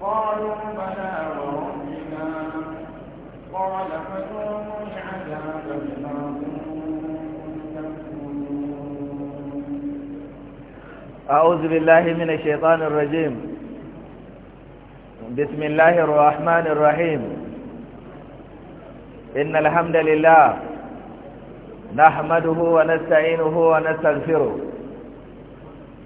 قالوا بلى وربنا قال فذوقوا العذاب بما أعوذ بالله من الشيطان الرجيم بسم الله الرحمن الرحيم إن الحمد لله نحمده ونستعينه ونستغفره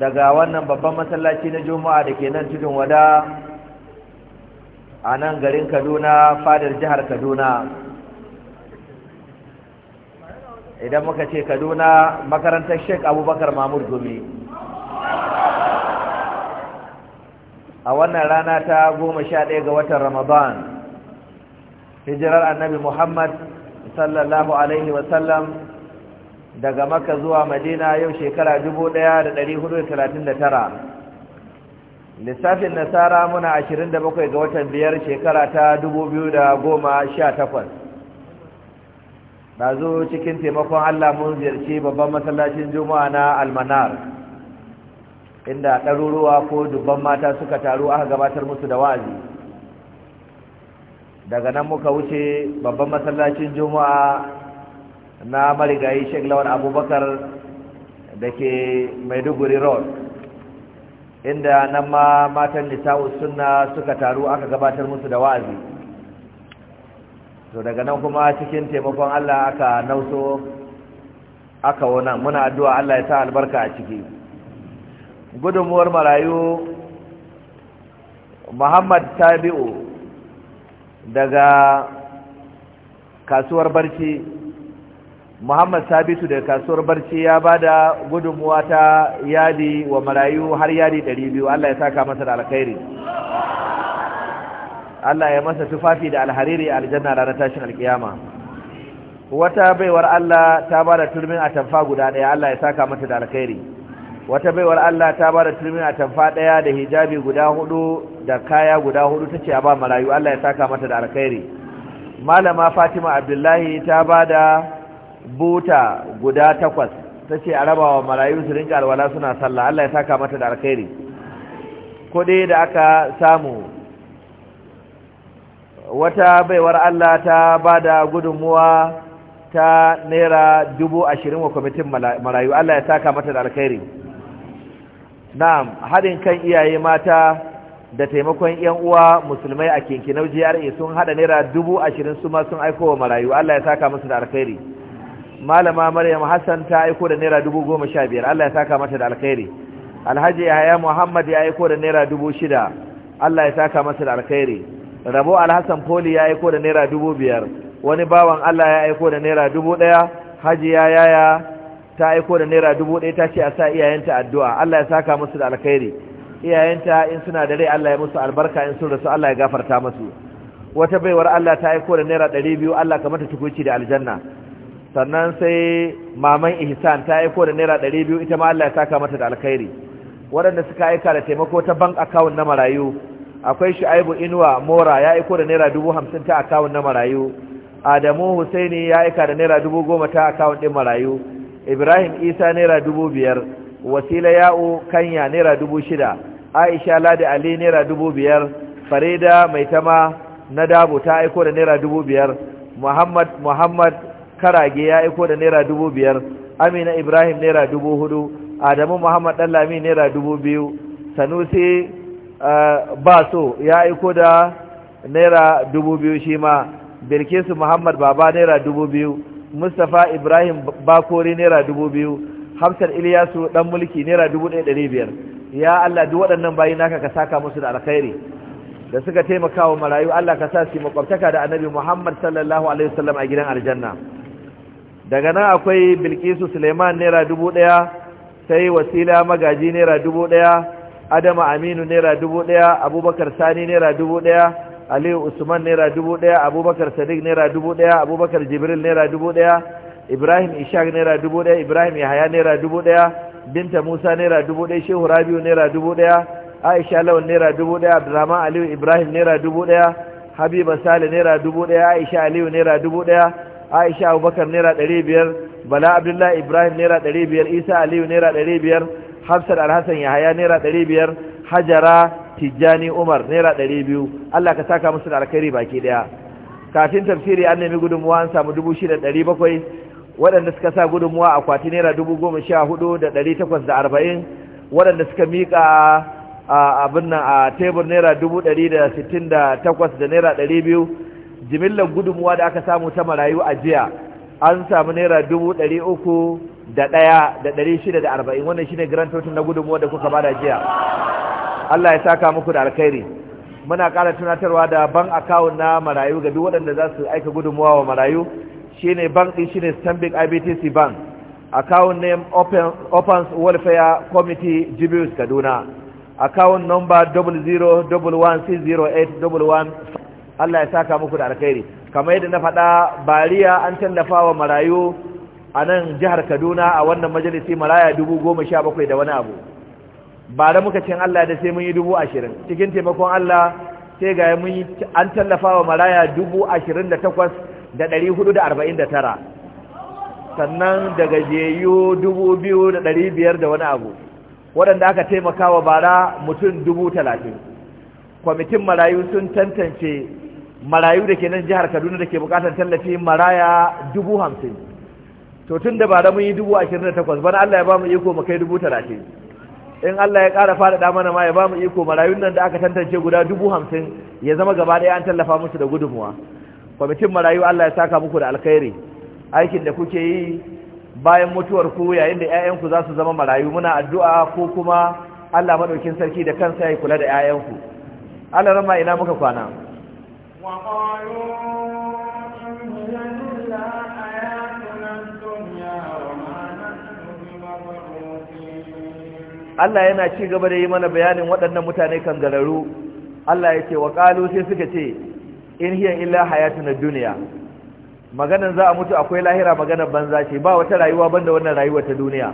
daga wannan babban masallaci na juma'a da ke nan tudun wada a nan garin kaduna fadar jihar kaduna idan muka ce kaduna makarantar sheik abubakar mahmud gumi a wannan rana ta goma sha ɗaya ga watan ramadan hijirar annabi muhammad sallallahu alaihi wasallam daga maka zuwa madina yau shekara 1439 lissafin nasara muna 27 ga watan biyar shekara ta da goma sha 2018 ɗazu cikin taimakon allah mun ziyarci babban masallacin juma'a na almanar inda ɗaruruwa ko dubban mata suka taru aka gabatar musu da wa'azi daga nan muka wuce babban masallacin juma'a na marigayi sheik lawan abubakar da ke maiduguri road inda nan ma matan nisa'u sunna suka taru aka gabatar musu da wa'azi to daga nan kuma cikin taimakon allah aka nauso aka wuna muna addu'a allah ya sa albarka a ciki gudunmuwar marayu muhammad tabi'u daga kasuwar barci muhammad sabitu daga kasuwar barci ya ba da gudunmuwa ta yadi wa marayu har yadi 200 allah ya saka masa da alkhairi allah ya masa tufafi da alhariri a aljanna ranar tashin alkiyama wata baiwar allah ta ba da turmin atamfa guda daya allah ya saka masa da alkhairi wata baiwar allah ta ba da turmin atamfa daya da hijabi guda hudu da kaya guda hudu ta ce a ba marayu allah ya saka mata da alkhairi malama fatima abdullahi ta ba da buta guda takwas ta ce a rabawa marayu su rinka alwala suna sallah Allah ya saka mata da alkhairi kuɗi da aka samu wata baiwar Allah ta ba da gudunmuwa ta naira dubu ashirin wa kwamitin marayu Allah ya saka mata da alkhairi na'am haɗin kan iyaye mata da taimakon yan uwa musulmai a kinkinau GRA sun haɗa naira dubu ashirin su ma sun aiko wa marayu Allah ya saka musu da alkhairi malama maryam hassan ta aiko da naira dubu goma sha biyar allah ya saka mata da alkhairi alhaji yahaya muhammad ya aiko da naira dubu shida allah ya saka masa da alkhairi rabo alhassan poli ya aiko da naira dubu biyar wani bawan allah ya aiko da naira dubu ɗaya haji yaya ta aiko da naira dubu ɗaya ta ce a sa iyayenta addu'a allah ya saka musu da alkhairi iyayenta in suna da rai allah ya musu albarka in sun rasu allah ya gafarta musu wata baiwar allah ta aiko da naira ɗari biyu allah ka mata tukuci da aljanna sannan sai maman ihsan ta aiko da naira ɗari biyu ita ma Allah ya saka mata da alkhairi waɗanda suka aika da taimako ta bank account na marayu akwai shu'aibu inuwa mora ya aiko da naira dubu hamsin ta account na marayu adamu husaini ya aika da naira dubu goma ta account ɗin marayu ibrahim isa naira dubu biyar wasila ya'u kanya naira dubu shida aisha ladi ali naira dubu biyar farida Maitama na dabo ta aiko da naira dubu biyar muhammad muhammad karage ya aiko da naira dubu biyar amina ibrahim naira dubu hudu adamu muhammad lami naira dubu biyu sanusi eh, baso ya aiko da naira dubu biyu shi ma bilkisu muhammad baba naira dubu biyu mustapha ibrahim bakori naira dubu biyu hamsar iliyasu ɗan mulki naira dubu ɗaya ɗari biyar ya allah duk waɗannan bayi naka ka saka musu da alkhairi da suka taimaka wa marayu allah ka sa su makwabtaka da annabi muhammad sallallahu alaihi wasallam a gidan aljanna daga nan akwai bilkisu suleiman naira dubu ɗaya sai wasila magaji naira dubu ɗaya adama aminu naira dubu ɗaya abubakar sani naira dubu ɗaya aliyu usman naira dubu ɗaya abubakar sadiq naira dubu ɗaya abubakar jibril naira dubu ɗaya ibrahim ishaq naira dubu ɗaya ibrahim yahaya naira dubu ɗaya binta musa naira dubu ɗaya shehu rabiu naira dubu ɗaya aisha lawan naira dubu ɗaya abdurrahman aliyu ibrahim naira dubu ɗaya habiba sale naira dubu ɗaya aisha aliyu naira dubu ɗaya aisha abubakar naira ɗari biyar bala abdullahi ibrahim naira ɗari biyar isa aliyu naira ɗari biyar hafsat alhassan yahaya naira ɗari biyar hajara tijjani umar naira ɗari biyu allah ka saka musu da alkhairi baki ɗaya kafin tafsiri an nemi gudunmuwa an samu dubu shida ɗari bakwai waɗanda suka sa gudunmuwa kwati naira dubu goma sha hudu da ɗari takwas da arba'in waɗanda suka miƙa abin nan a tebur naira dubu ɗari da sittin da takwas da naira ɗari biyu jimillar gudunmuwa da aka samu ta marayu a jiya an samu naira dubu ɗari uku da ɗaya da ɗari shida da arba'in wannan shine grand total na gudunmuwa da kuka bada jiya Allah ya saka muku da alkhairi muna ƙara tunatarwa da ban akawun na marayu ga duk waɗanda za su aika gudunmuwa wa marayu shine bank ɗin ne stanbic ibtc bank account name open opens welfare committee jibius kaduna account number Allah ya saka muku da alkhairi kamar yadda na faɗa bariya an tallafa wa marayu a nan jihar Kaduna a wannan majalisi maraya dubu goma sha bakwai da wani abu ba da muka cin Allah da sai mun yi dubu ashirin cikin taimakon Allah sai ga mun yi an tallafa wa maraya dubu ashirin da takwas da ɗari hudu da arba'in da tara sannan da gajiyayyu dubu biyu da ɗari biyar da wani abu waɗanda aka taimaka wa bara mutum dubu talatin kwamitin marayu sun tantance marayu da ke nan jihar kaduna da ke bukatar tallafi maraya dubu hamsin to tun da bara mun yi dubu ashirin da takwas bana allah ya ba mu iko mu kai dubu talatin in allah ya ƙara faɗaɗa mana ma ya ba mu iko marayun nan da aka tantance guda dubu hamsin ya zama gaba ɗaya an tallafa musu da gudunmuwa kwamitin marayu allah ya saka muku da alkhairi aikin da kuke yi bayan mutuwar ku yayin da 'ya'yanku za su zama marayu muna addu'a ko kuma allah maɗaukin sarki da kansa ya kula da 'ya'yanku allah rama ina muka kwana Allah yana ci gaba da yi mana bayanin waɗannan mutane kan gararu Allah ya ce wa ƙalu sai suka ce in hiyan illa hayatu na duniya maganan za a mutu akwai lahira maganan banza ce ba wata rayuwa banda wannan rayuwa ta duniya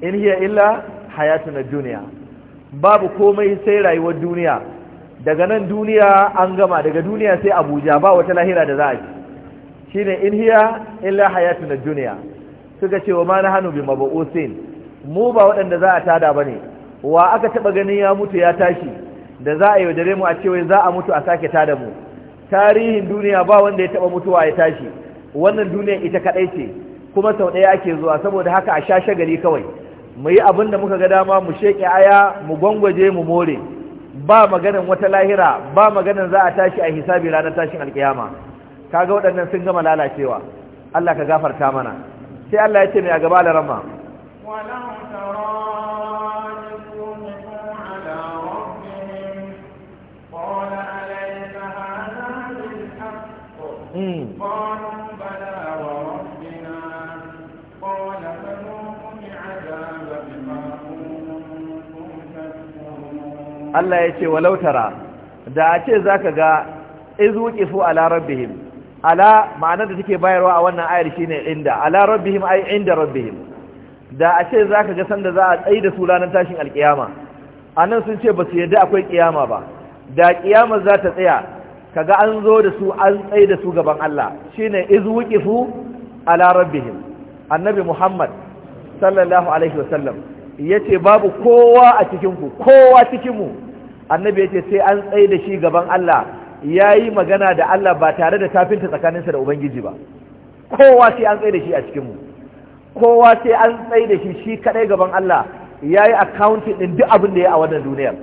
in hiyan illa hayatu na duniya babu komai sai rayuwar duniya daga nan duniya an gama daga duniya sai abuja ba wata lahira da za a ci shine in hiya illa hayatu na duniya suka ce wa ma na hannu bi osin. mu ba waɗanda za a tada ba ne wa aka taɓa ganin ya mutu ya tashi da za a yi mu a cewa za a mutu a sake tada mu tarihin duniya ba wanda ya taɓa mutuwa ya tashi wannan duniya ita kaɗai ce kuma sau ɗaya ake zuwa saboda haka a sha shagali kawai mu yi abin da muka ga dama mu sheƙe aya mu gwangwaje mu more ba maganin wata lahira ba maganin za a tashi a hisabi ranar tashin alkiyama kaga waɗannan sun gama lalacewa Allah ka gafarta mana sai Allah ya ce mai a gaba Allah ya ce walautara da a ce ka ga izu qifu ala rabbihim ala ma'anar da take bayarwa a wannan ayar shi ne inda ala rabbihim ay inda rabbihim da a ce za ka ga sanda za a tsayi da su ranar tashin alkiyama anan sun ce ba su yadda akwai ƙiyama ba da ƙiyama za ta tsaya ga an zo da su an tsayi da su gaban Allah shi ne izu qifu ala rabbihim annabi Muhammad sallallahu alaihi wasallam yace babu kowa a cikin ku kowa cikin mu annabi yace sai an tsaye da shi gaban Allah yayi magana da Allah ba tare da tafinta tsakaninsa da ubangiji ba kowa sai an tsaye da shi a cikin kowa sai an tsaye da shi shi kadai gaban Allah yayi accounting din duk abin da ya a wannan duniyar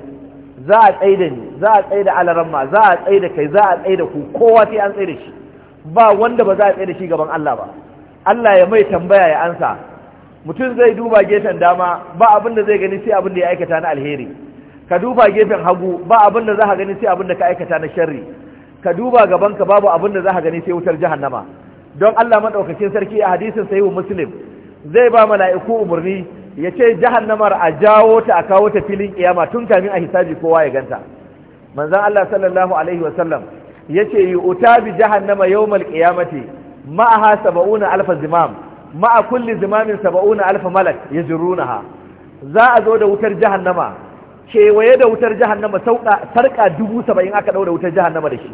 za a tsaye da ni za a tsaye da alaramma za a tsaye da kai za a tsaye da ku kowa sai an tsaye da shi ba wanda ba za a tsaye da shi gaban Allah ba Allah ya mai tambaya ya ansa mutum zai duba gefen dama ba abin da zai gani sai abin da ya aikata na alheri ka duba gefen hagu ba abin da za ka gani sai abin da ka aikata na sharri ka duba gabanka babu abin da za ka gani sai wutar jahannama don Allah maɗaukakin sarki a hadisin sahihu muslim zai ba mala'iku umarni ya ce jahannamar a jawo ta a kawo ta filin kiyama tun kamin a hisabi kowa ya ganta manzon Allah sallallahu alaihi wa sallam yace yu'ta bi jahannama yawmal qiyamati ma'aha 70 alf zimam ma'a kulli zimamin saba'una alfa malak yajrunaha za a zo da wutar jahannama kewaye da wutar jahannama sauka sarka dubu saba'in aka daura wutar jahannama da shi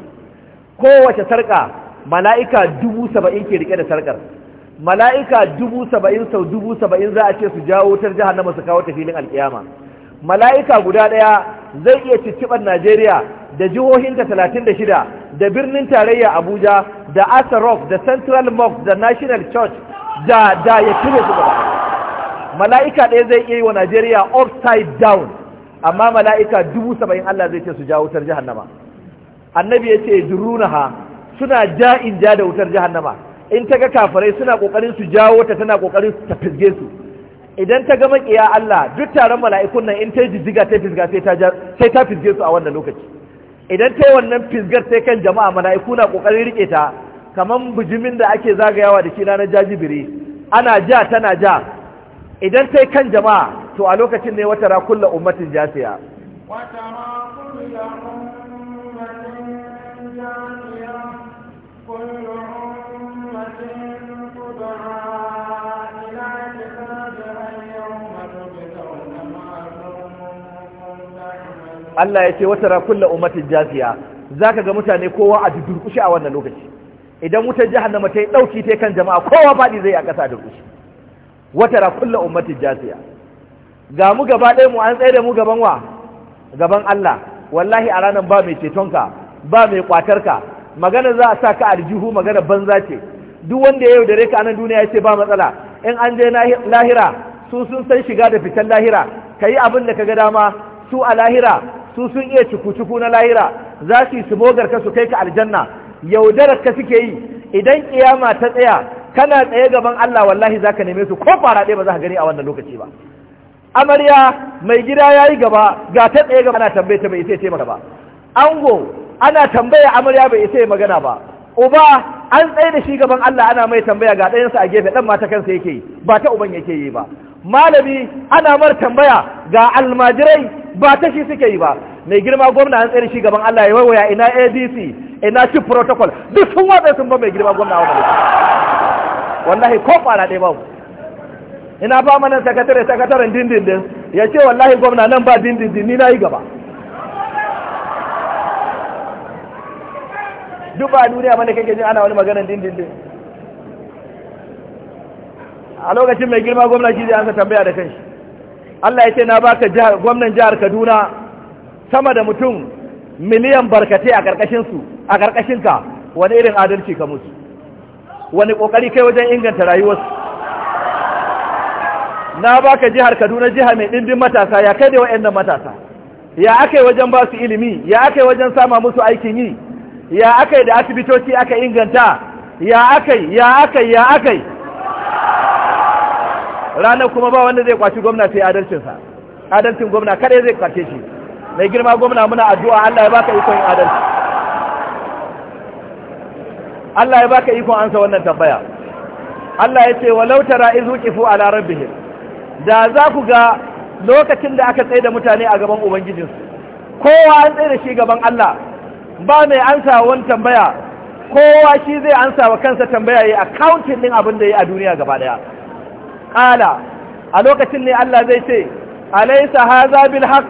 kowace sarka mala'ika dubu saba'in ke rike da sarkar mala'ika dubu saba'in sau dubu saba'in za a ce su jawo wutar jahannama su kawo ta filin alkiyama mala'ika guda ɗaya zai iya cicciɓar najeriya da jihohinta talatin da shida da birnin tarayya abuja da asarok da central mosque da national church da da ya cire su gaba mala'ika ɗaya zai iya yi wa Najeriya upside down amma mala'ika dubu saba'in Allah zai ce su ja wutar jihannama annabi ya ce durunaha suna ja in ja da wutar jihannama in ta ga kafarai suna kokarin su jawo ta tana kokarin ta fisge su idan ta ga maƙiya Allah duk taron mala'ikun nan in ta yi jijjiga ta fisga sai ta fisge su a wannan lokaci idan ta yi wannan fisgar sai kan jama'a mala'iku na kokarin rike ta kaman bijimin da ake zagayawa da shi na jajibiri, ana ja tana ja idan sai kan jama'a to a lokacin ne wata ra kullu ummatin jasiya Allah ya ce wata ra kullu ummatin jasiya zaka ga mutane kowa a durkushe a wannan lokaci idan wutar jahannama ta yi ɗauki ta kan jama'a kowa fadi zai a ƙasa da Wata watara kullu ummatin jasiya ga mu gaba ɗaya mu an tsaye da mu gaban wa gaban Allah wallahi a ranar ba mai cetonka ba mai kwatarka magana za a sa ka aljihu magana banza ce duk wanda ya dare ka anan duniya ya ce ba matsala in an je lahira su sun san shiga da fitan lahira ka yi abin da ka ga dama su a lahira su sun iya cuku-cuku na lahira za su yi su mogar ka su kai ka aljanna yaudarar ka suke yi idan kiyama ta tsaya kana tsaye gaban Allah wallahi zaka neme su ko fara ba za ka gani a wannan lokaci ba amarya mai gida yayi gaba ga ta tsaye gaba ana tambaye ta bai sai ce maka ba ango ana tambaya amarya bai sai magana ba uba an tsaye da shi gaban Allah ana mai tambaya ga ɗayansa a gefe ɗan mata kansa yake yi ba ta uban yake yi ba malami ana mar tambaya ga almajirai ba ta shi suke yi ba mai girma gwamna an tsaye da shi gaban Allah ya "Waya ina adc ina ci protocol duk sun watsa sun ba mai girma gwamna wa malaka wallahi ko fara ɗaya babu ina ba mana sakatare sakataren dindindin ya ce wallahi gwamna nan ba dindindin ni na yi gaba duk ba duniya mana kake jin ana wani maganar dindindin a lokacin mai girma gwamna shi zai an tambaya da kanshi Allah ya ce na baka gwamnan jihar Kaduna sama da mutum miliyan barkatai a ƙarƙashinsu a ƙarƙashinka wani irin adalci ka musu wani ƙoƙari kai wajen inganta rayuwarsu na ba ka jihar kaduna jiha mai ɗimbin matasa ya kai da nan matasa ya aka yi wajen ba su ilimi ya aka yi wajen sama musu aikin yi ya aka yi da asibitoci aka inganta ya aka yi ya aka yi ya aka yi ranar kuma ba wanda zai kwaci gwamna sai adalcinsa adalcin gwamna kada zai kwace shi mai girma gwamna muna addu'a Allah ya baka ikon adalci Allah ya baka iko ansa wannan tambaya Allah ya ce walau tara izu qifu ala rabbihim da za ku ga lokacin da aka tsaye da mutane a gaban ubangijinsu kowa an tsaye da shi gaban Allah ba mai ansa wannan tambaya kowa shi zai ansa wa kansa tambaya yayi accounting din abin da yayi a duniya gaba daya Kala. a lokacin ne Allah zai ce alaysa hadha bil haqq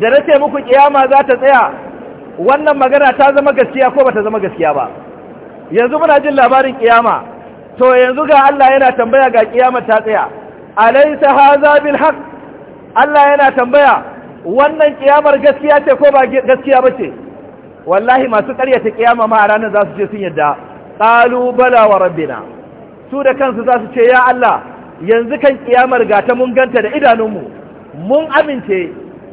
da nace muku kiyama za ta tsaya wannan magana ta zama gaskiya ko bata zama gaskiya ba yanzu muna jin labarin kiyama to yanzu ga Allah yana tambaya ga kiyama ta tsaya alaysa hadha bil haqq Allah yana tambaya wannan kiyamar gaskiya ce ko ba gaskiya bace wallahi masu karyata kiyama ma a ranar za su je sun yadda qalu bala wa rabbina su da kansu za su ce ya Allah yanzu kan kiyamar ga ta mun ganta da idanunmu mun amince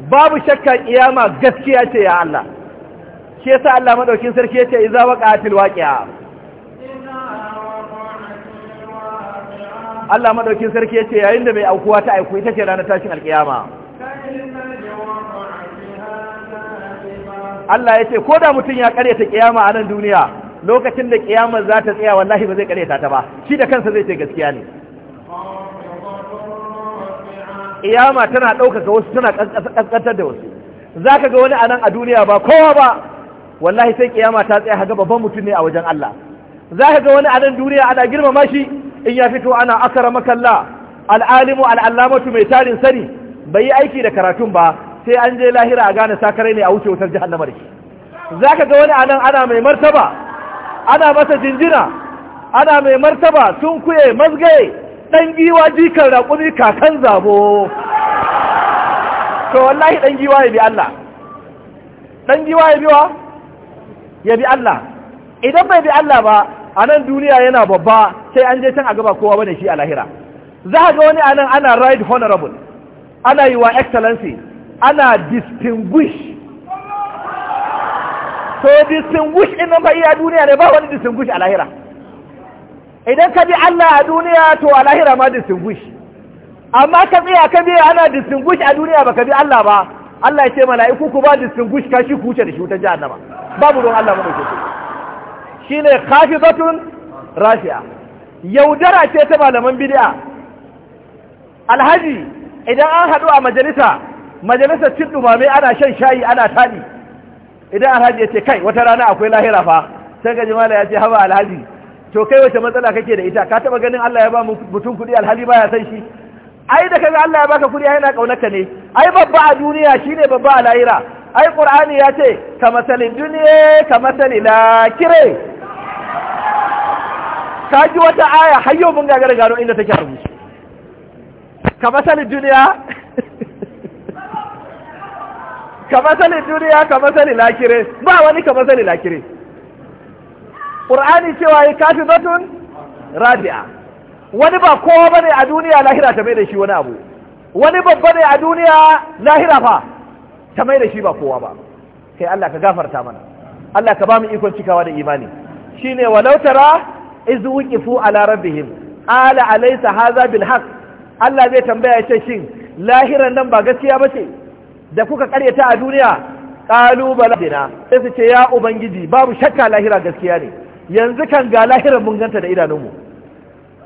babu shakka kiyama gaskiya ce ya Allah shi yasa Allah madaukin sarki yace idza waqa'atil waqi'a Allah madaukin sarki yace yayin da mai aukuwa ta aiku ita ce ranar tashin alkiyama Allah yace ko da mutum ya karyata kiyama a nan duniya lokacin da kiyama za ta tsaya wallahi ba zai kare ta ba shi da kansa zai ce gaskiya ne kiyama tana ɗaukaka wasu tana kaskantar da wasu za ga wani a nan a duniya ba kowa ba wallahi sai kiyama ta tsaya ga babban mutum ne a wajen Allah zaka ga wani a nan duniya ana girmama shi in ya fito ana makalla al'alimu al'allamatu mai tarin sani bai yi aiki da karatun ba sai an je lahira a gane sakarai ne a wuce wutar jahannama da shi zaka ga wani anan ana mai martaba ana masa jinjina ana mai martaba tun kuye mazgaye dan giwa jikan raƙumi kakan zabo to wallahi dan giwa ya bi Allah dan giwa ya biwa ya bi Allah idan bai bi Allah ba a nan duniya yana babba sai an je can a gaba kowa bane shi a lahira za ga wani anan ana right honorable ana yi wa excellency ana distinguish so distinguish in nan ba iya duniya ne ba wani distinguish a lahira idan ka bi Allah a duniya to a lahira ma distinguish amma ka tsaya ka bi ana distinguish a duniya ba ka bi Allah ba Allah ya ce mala'iku ku ba distinguish kashi ku wuce da shi wutar nama babu don Allah mu ɗauke su Shi ne shine zatun rafi'a yaudara ce ta malaman bidiya alhaji idan an haɗu a majalisa majalisar cin dumame ana shan shayi ana taɗi. idan alhaji ya ce kai wata rana akwai lahira fa sai ga jimala ya ce haba alhaji to kai wace matsala kake da ita ka taɓa ganin Allah ya ba mutum kuɗi alhaji baya san shi ai da kaga Allah ya baka kuɗi ai yana kaunarka ne ai babba a duniya shine babba a lahira ai qur'ani ya ce ka masalin duniya ka masali lakire ka ji wata aya har yau mun gagara gano inda take rubuce ka masalin duniya ka masalin duniya ka masalin lakire ba wani ka masalin lakire qur'ani cewa ya kafi batun rabi'a wani ba kowa bane a duniya lahira ta mai da shi wani abu wani babba ne a duniya lahira fa ta mai da shi ba kowa ba kai Allah ka gafarta mana Allah ka ba mu ikon cikawa da imani shine walau tara iz wuqifu ala rabbihim qala alaysa hadha bil haqq Allah zai tambaya ce shin lahiran nan ba gaskiya bace da kuka karyata a duniya qalu balina sai su ce ya ubangiji babu shakka lahira gaskiya ne yanzu kan ga lahiran mun ganta da idanunmu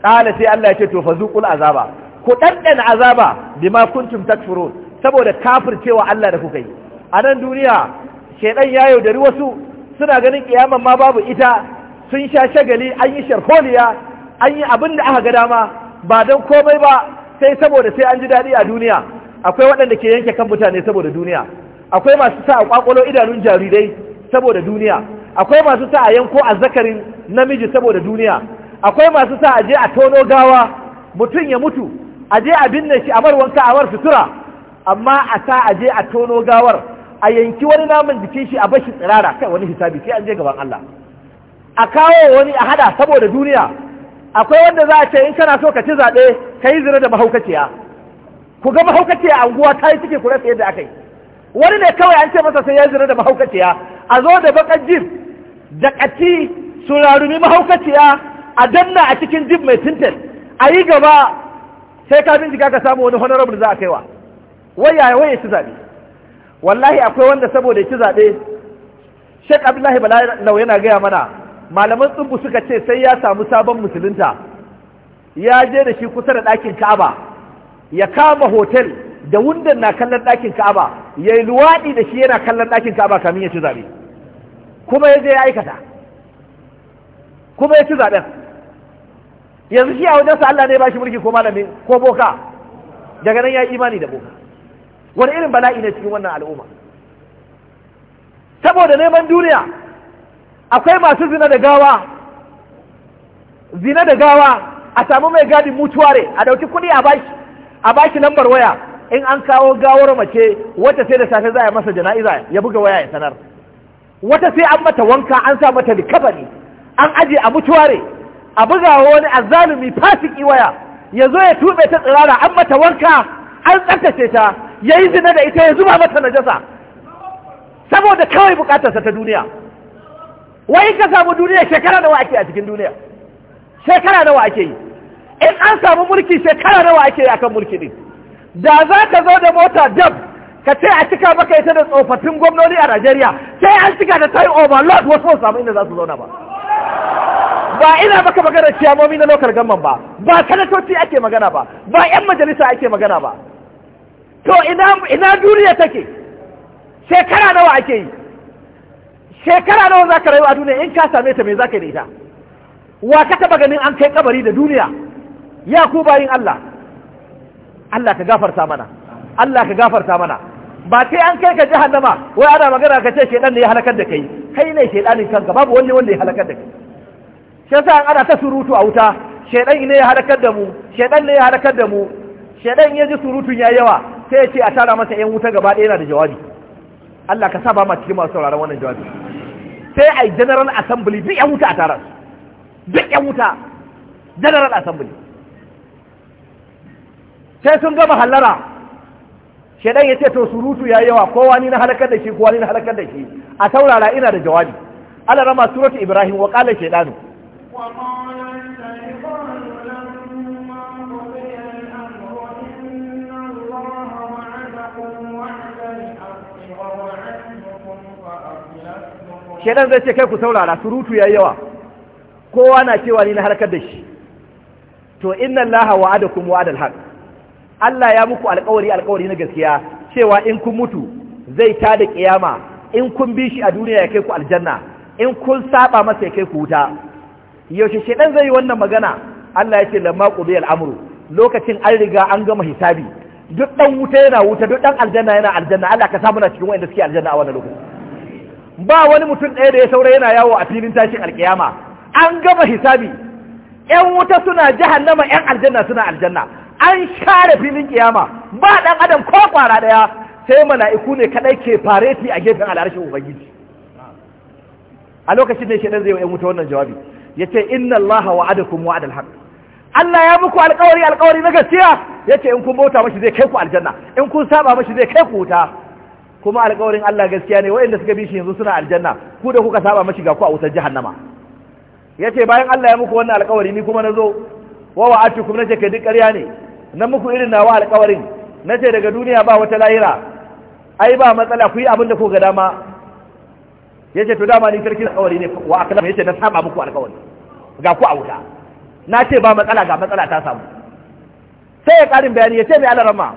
qala sai Allah ya ce to fazuqul azaba ku dandana azaba bima kuntum takfurun saboda kafircewa Allah da kuka yi a nan duniya shedan ya yaudari wasu suna ganin kiyaman ma babu ita sun sha shagali an yi sharholiya an yi abin da aka ga dama ba don komai ba sai saboda sai an ji daɗi a duniya akwai waɗanda ke yanke kan mutane saboda duniya akwai masu sa a kwakwalo idanun jarirai saboda duniya akwai masu sa a yanko azzakarin namiji saboda duniya akwai masu sa a je a tono gawa mutum ya mutu a je a binne shi a mar wanka a mar sutura amma a sa a je a tono gawar a yanki wani naman jikin shi a bashi tsirara kai wani hisabi sai an je gaban Allah a kawo wani a hada saboda duniya akwai wanda za a ce in kana so ka ci zaɓe ka yi zira da mahaukaciya ku ga mahaukaciya guwa ta yi cike ku rasa yadda aka yi wani ne kawai an ce masa sai ya zira da mahaukaciya a zo da bakan jif da kati su rarumi mahaukaciya a danna a cikin jif mai tintin a yi gaba sai ka bincika ka samu wani honorable za a kaiwa wai yaya wai ya ci zaɓe wallahi akwai wanda saboda ya ci zaɓe shek abdullahi bala yana gaya mana malaman tsumbu suka ce sai ya samu sabon musulunta ya je da shi kusa da ɗakin ka'aba ya kama hotel da wundan na kallon ɗakin ka'aba ya yi luwaɗi da shi yana kallon ɗakin ka'aba kamin ya ci zaɓe kuma ya je ya aikata kuma ya ci zaɓen yanzu shi a wajensa Allah ne ba shi mulki ko malami ko boka daga nan ya yi imani da boka wani irin bala'i ne cikin wannan al'umma saboda neman duniya akwai masu zina da gawa zina da gawa a sami mai gadi mutuware a dauki kuɗi a baki a baki lambar waya in an kawo gawar mace wata sai da safe za a masa jana'iza ya buga waya ya sanar wata sai an mata wanka an sa mata likabani an aje a mutuware a buga wa wani zalumi fasiki waya ya zo ya tube ta tsirara an mata wanka an tsaftace ta ya yi zina da ita ya zuba mata najasa saboda kawai bukatarsa ta duniya wai ka samu duniya shekara nawa ake a cikin duniya shekara nawa ake yi in an samu mulki shekara nawa ake yi akan mulki din da za ka zo da mota dab ka ce a cika maka ita da tsofaffin gwamnoni a Najeriya sai an cika da tayi overload wasu ba samu inda za su zauna ba ba ina maka magana ciyamomi na lokar gamman ba ba sanatoci ake magana ba ba yan majalisa ake magana ba to ina ina duniya take shekara nawa ake yi shekara nawa za ka rayu a duniya in ka same ta me za ka yi da ita wa ka taba ganin an kai kabari da duniya ya ku bayin Allah Allah ka gafarta mana Allah ka gafarta mana ba sai an kai ka jahannama wai ana magana ka ce shedan ne ya halakar da kai kai ne shedanin kanka babu wani wanda ya halakar da kai shi yasa ana ta surutu a wuta shedan ne ya halakar da mu shedan ne ya halakar da mu shedan ya ji surutun ya yawa sai ya ce a tara masa yan wuta gaba ɗaya yana da jawabi Allah ka sa ba ma cikin masu sauraron wannan jawabi sai a yi general assembly duk yan wuta a taron duk yan wuta general assembly sai sun gama hallara shaidan ya ce to surutu ya yi yawa kowa ni na halakar da shi kowa ni na halakar da shi a taurara ina da jawabi alarama suratu ibrahim wa qala shaidanu shedan zai ce kai ku saurara surutu ya yi yawa kowa na cewa ni na harkar da shi to inna allaha wa'adakum wa'adal haqq Allah ya muku alƙawari alƙawari na gaskiya cewa in kun mutu zai ta da kiyama in kun bi shi a duniya ya kai ku aljanna in kun saba masa ya kai ku wuta yaushe shedan zai yi wannan magana Allah ya ce lamma qubi al-amru lokacin an riga an gama hisabi duk dan wuta yana wuta duk dan aljanna yana aljanna Allah ka samu na cikin wanda suke aljanna a wannan lokacin ba wani mutum ɗaya da ya saura yana yawo a filin tashin alkiyama an gama hisabi yan wuta suna jahannama yan aljanna suna aljanna an share filin kiyama ba ɗan adam ko kwara ɗaya, sai mala'iku ne kadai ke fareti a gefen al'arshin ubangiji a lokacin da shedan zai yi wuta wannan jawabi ya ce inna allaha wa adal haqq Allah ya muku alƙawari alƙawari na gaskiya yace in kun bauta mashi zai kai ku aljanna in kun saba mashi zai kai ku wuta kuma alƙawarin Allah gaskiya ne waɗanda suka bi shi yanzu suna aljanna ku da kuka saba mashi ga ku a wutar jahannama yace bayan Allah ya muku wannan alƙawari ni kuma nazo wa na nace kai duk ƙarya ne na muku irin nawa alƙawarin nace daga duniya ba wata lahira ai ba matsala ku yi abin da ku ga dama yace to dama ni sarkin alƙawari ne wa ya yace na saba muku alƙawari ga ku a wuta na ce ba matsala ga matsala ta samu sai ya ƙarin bayani yace mai alarama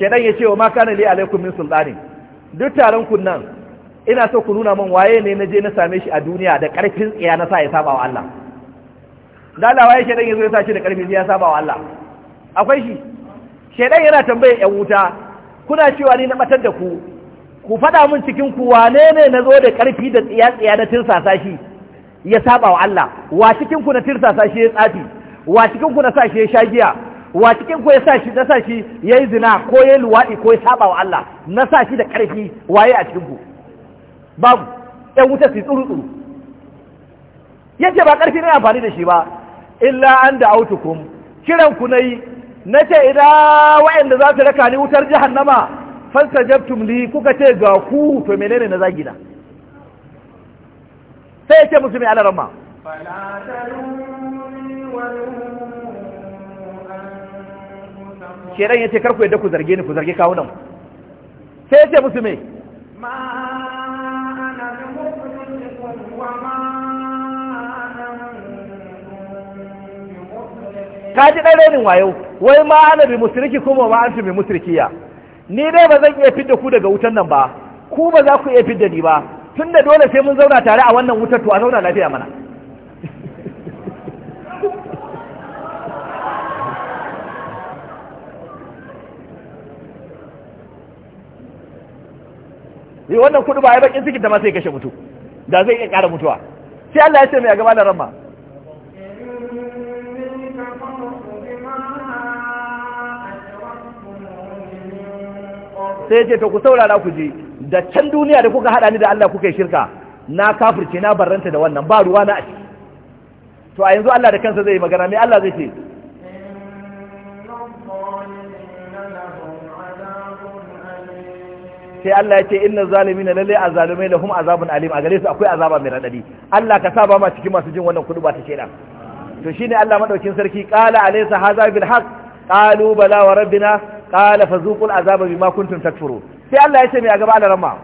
shedan ya ce wa ma kana li alaikum min sultani duk taron kun nan ina so ku nuna man waye ne na je na same shi a duniya da karfin tsiya na sa ya saba wa Allah dalawa waye shedan ya zo ya sace shi da karfin ya saba wa Allah akwai shi shedan yana tambaye yan wuta kuna cewa ni na batar da ku ku faɗa min cikin ku wane ne na zo da ƙarfi da tsiya-tsiya na tirsasa shi ya saba wa Allah wa cikin ku na tirsasa shi ya tsafi wa cikin ku na sashi ya sha giya wa cikin ko ya sa shi na sa yayi zina ko yayi luwaɗi ko ya saba wa Allah na sa shi da karfi waye a cikin ku babu ɗan wuta su tsuru tsuru yace ba karfi ne amfani da shi ba illa an da autukum kiran ku nayi nace idan wa'anda za su raka ni wutar jahannama fastajabtum li kuka ce ga ku to menene na zagina sai yace musu mai alarama fala shedan ya ce karku yadda ku zarge ni ku zarge kawunan sai ya ce musu me ka ji ɗan renin wayo wai ma ana bi musulki kuma ma an bi musulkiya ni dai ba zan iya fidda ku daga wutan nan ba ku ba za ku iya fidda ni ba tunda dole sai mun zauna tare a wannan wutar to a zauna lafiya mana yi wannan kudu ba ya bakin sikin da ma sai kashe mutu da zai iya kara mutuwa sai Allah ya ce mai a gaba da ramma sai ya ce to ku saurara ku ji da can duniya da kuka hada ni da Allah kuka yi shirka na kafirce na barranta da wannan ba ruwa na a to a yanzu Allah da kansa zai yi magana mai Allah zai ce sai Allah ya ce inna na lalle azalumai lahum azabun alim a gare su akwai azaba mai radadi Allah ka sa ba ma cikin masu jin wannan kudu ba ta sheda to shine Allah madaukin sarki qala alaysa hadha bil haqq qalu bala wa rabbina qala fazuqul azaba bima kuntum takfurun sai Allah ya ce mai a gaba Allah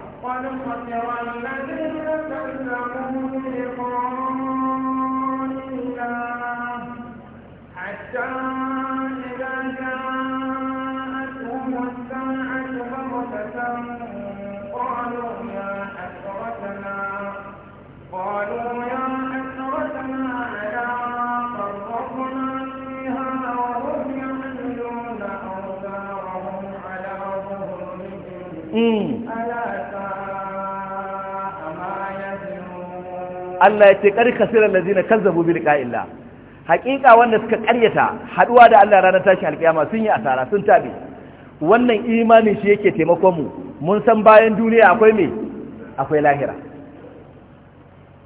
Allah ya ce karka sirar lazina zabu bil ƙa’illa. haƙiƙa wanda suka ƙaryata haɗuwa da Allah ranar tashi alƙiyama sun yi asara sun tabi wannan imanin shi yake taimakon mu mun san bayan duniya akwai me akwai lahira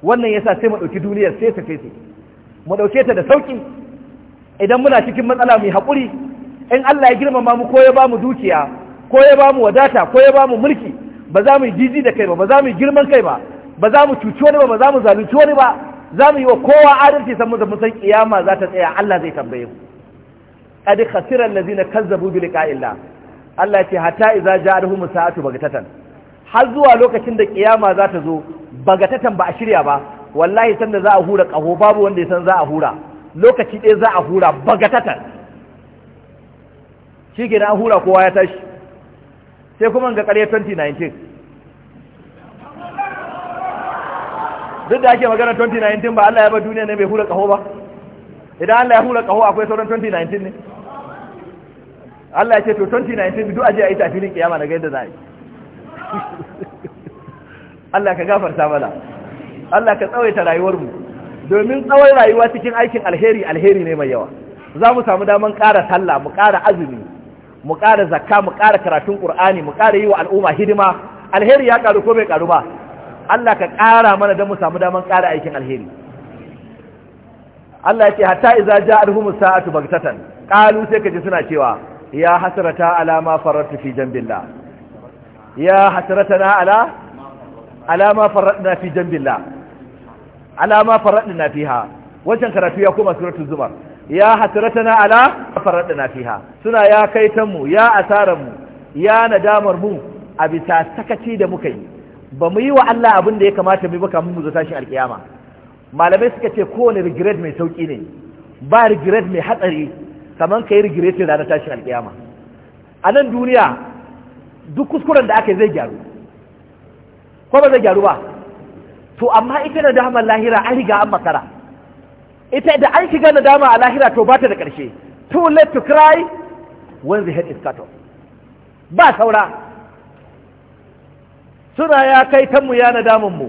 wannan yasa sai mu ɗauki duniyar sai ta fese mu ɗauke ta da sauƙi idan muna cikin matsala mu yi haƙuri in Allah ya girmama mu ko ya ba mu dukiya ko ya ba mu wadata ko ya ba mu mulki ba za mu yi jiji da kai ba ba za mu yi girman kai ba ba za mu cuci wani ba ba za mu zalunci wani ba za mu yi wa kowa adalci san mu san kiyama za ta tsaya Allah zai tambaye mu qad khasira allazina kazzabu bi liqa'illah Allah ya ce hatta idza ja'alhum sa'atu bagatatan har zuwa lokacin da kiyama za ta zo bagatatan ba a shirya ba wallahi sanda za a hura kaho babu wanda ya san za a hura lokaci ɗaya za a hura bagatatan shi ke na hura kowa ya tashi sai kuma ga ƙarya 2019 duk da ake magana 2019 ba Allah ya ba duniya ne bai hura ƙaho ba idan Allah ya hura ƙaho akwai sauran 2019 ne Allah ya ce to 2019 duk aje a yi tafilin kiyama na yadda za Allah ka gafarta mana Allah ka tsawaita rayuwarmu domin tsawon rayuwa cikin aikin alheri alheri ne mai yawa za mu samu daman ƙara sallah mu ƙara azumi mu ƙara zakka mu ƙara karatun ƙur'ani mu ƙara yi wa al'umma hidima alheri ya ƙaru ko bai ƙaru ba Allah ka ƙara mana don mu samu daman ƙara aikin alheri Allah ya ce hatta idza ja'alhum sa'atu baghtatan qalu sai kaje suna cewa ya hasrata ala ma farratu fi jambillah ya hasratana ala ala ma farratna fi jambillah ala ma farratna fiha wajen karatu ya koma suratul zumar ya hasratana ala faradna fiha suna ya kaitan mu ya asaran mu ya nadamar mu a bisa sakaci da muka yi ba mu yi wa Allah abin da ya kamata mu ba kamun mu zo tashin alkiyama malamai suka ce kowane regret mai sauki ne ba regret mai hatsari kaman kai regret ranar tashin alkiyama a nan duniya duk kuskuren da aka yi zai gyaru ko ba zai gyaru ba to amma ita da damar lahira an riga an makara ita da an shiga nadama a lahira to ba ta da ƙarshe too late to cry when the head is cut off ba saura suna ya kai mu ya nadamanmu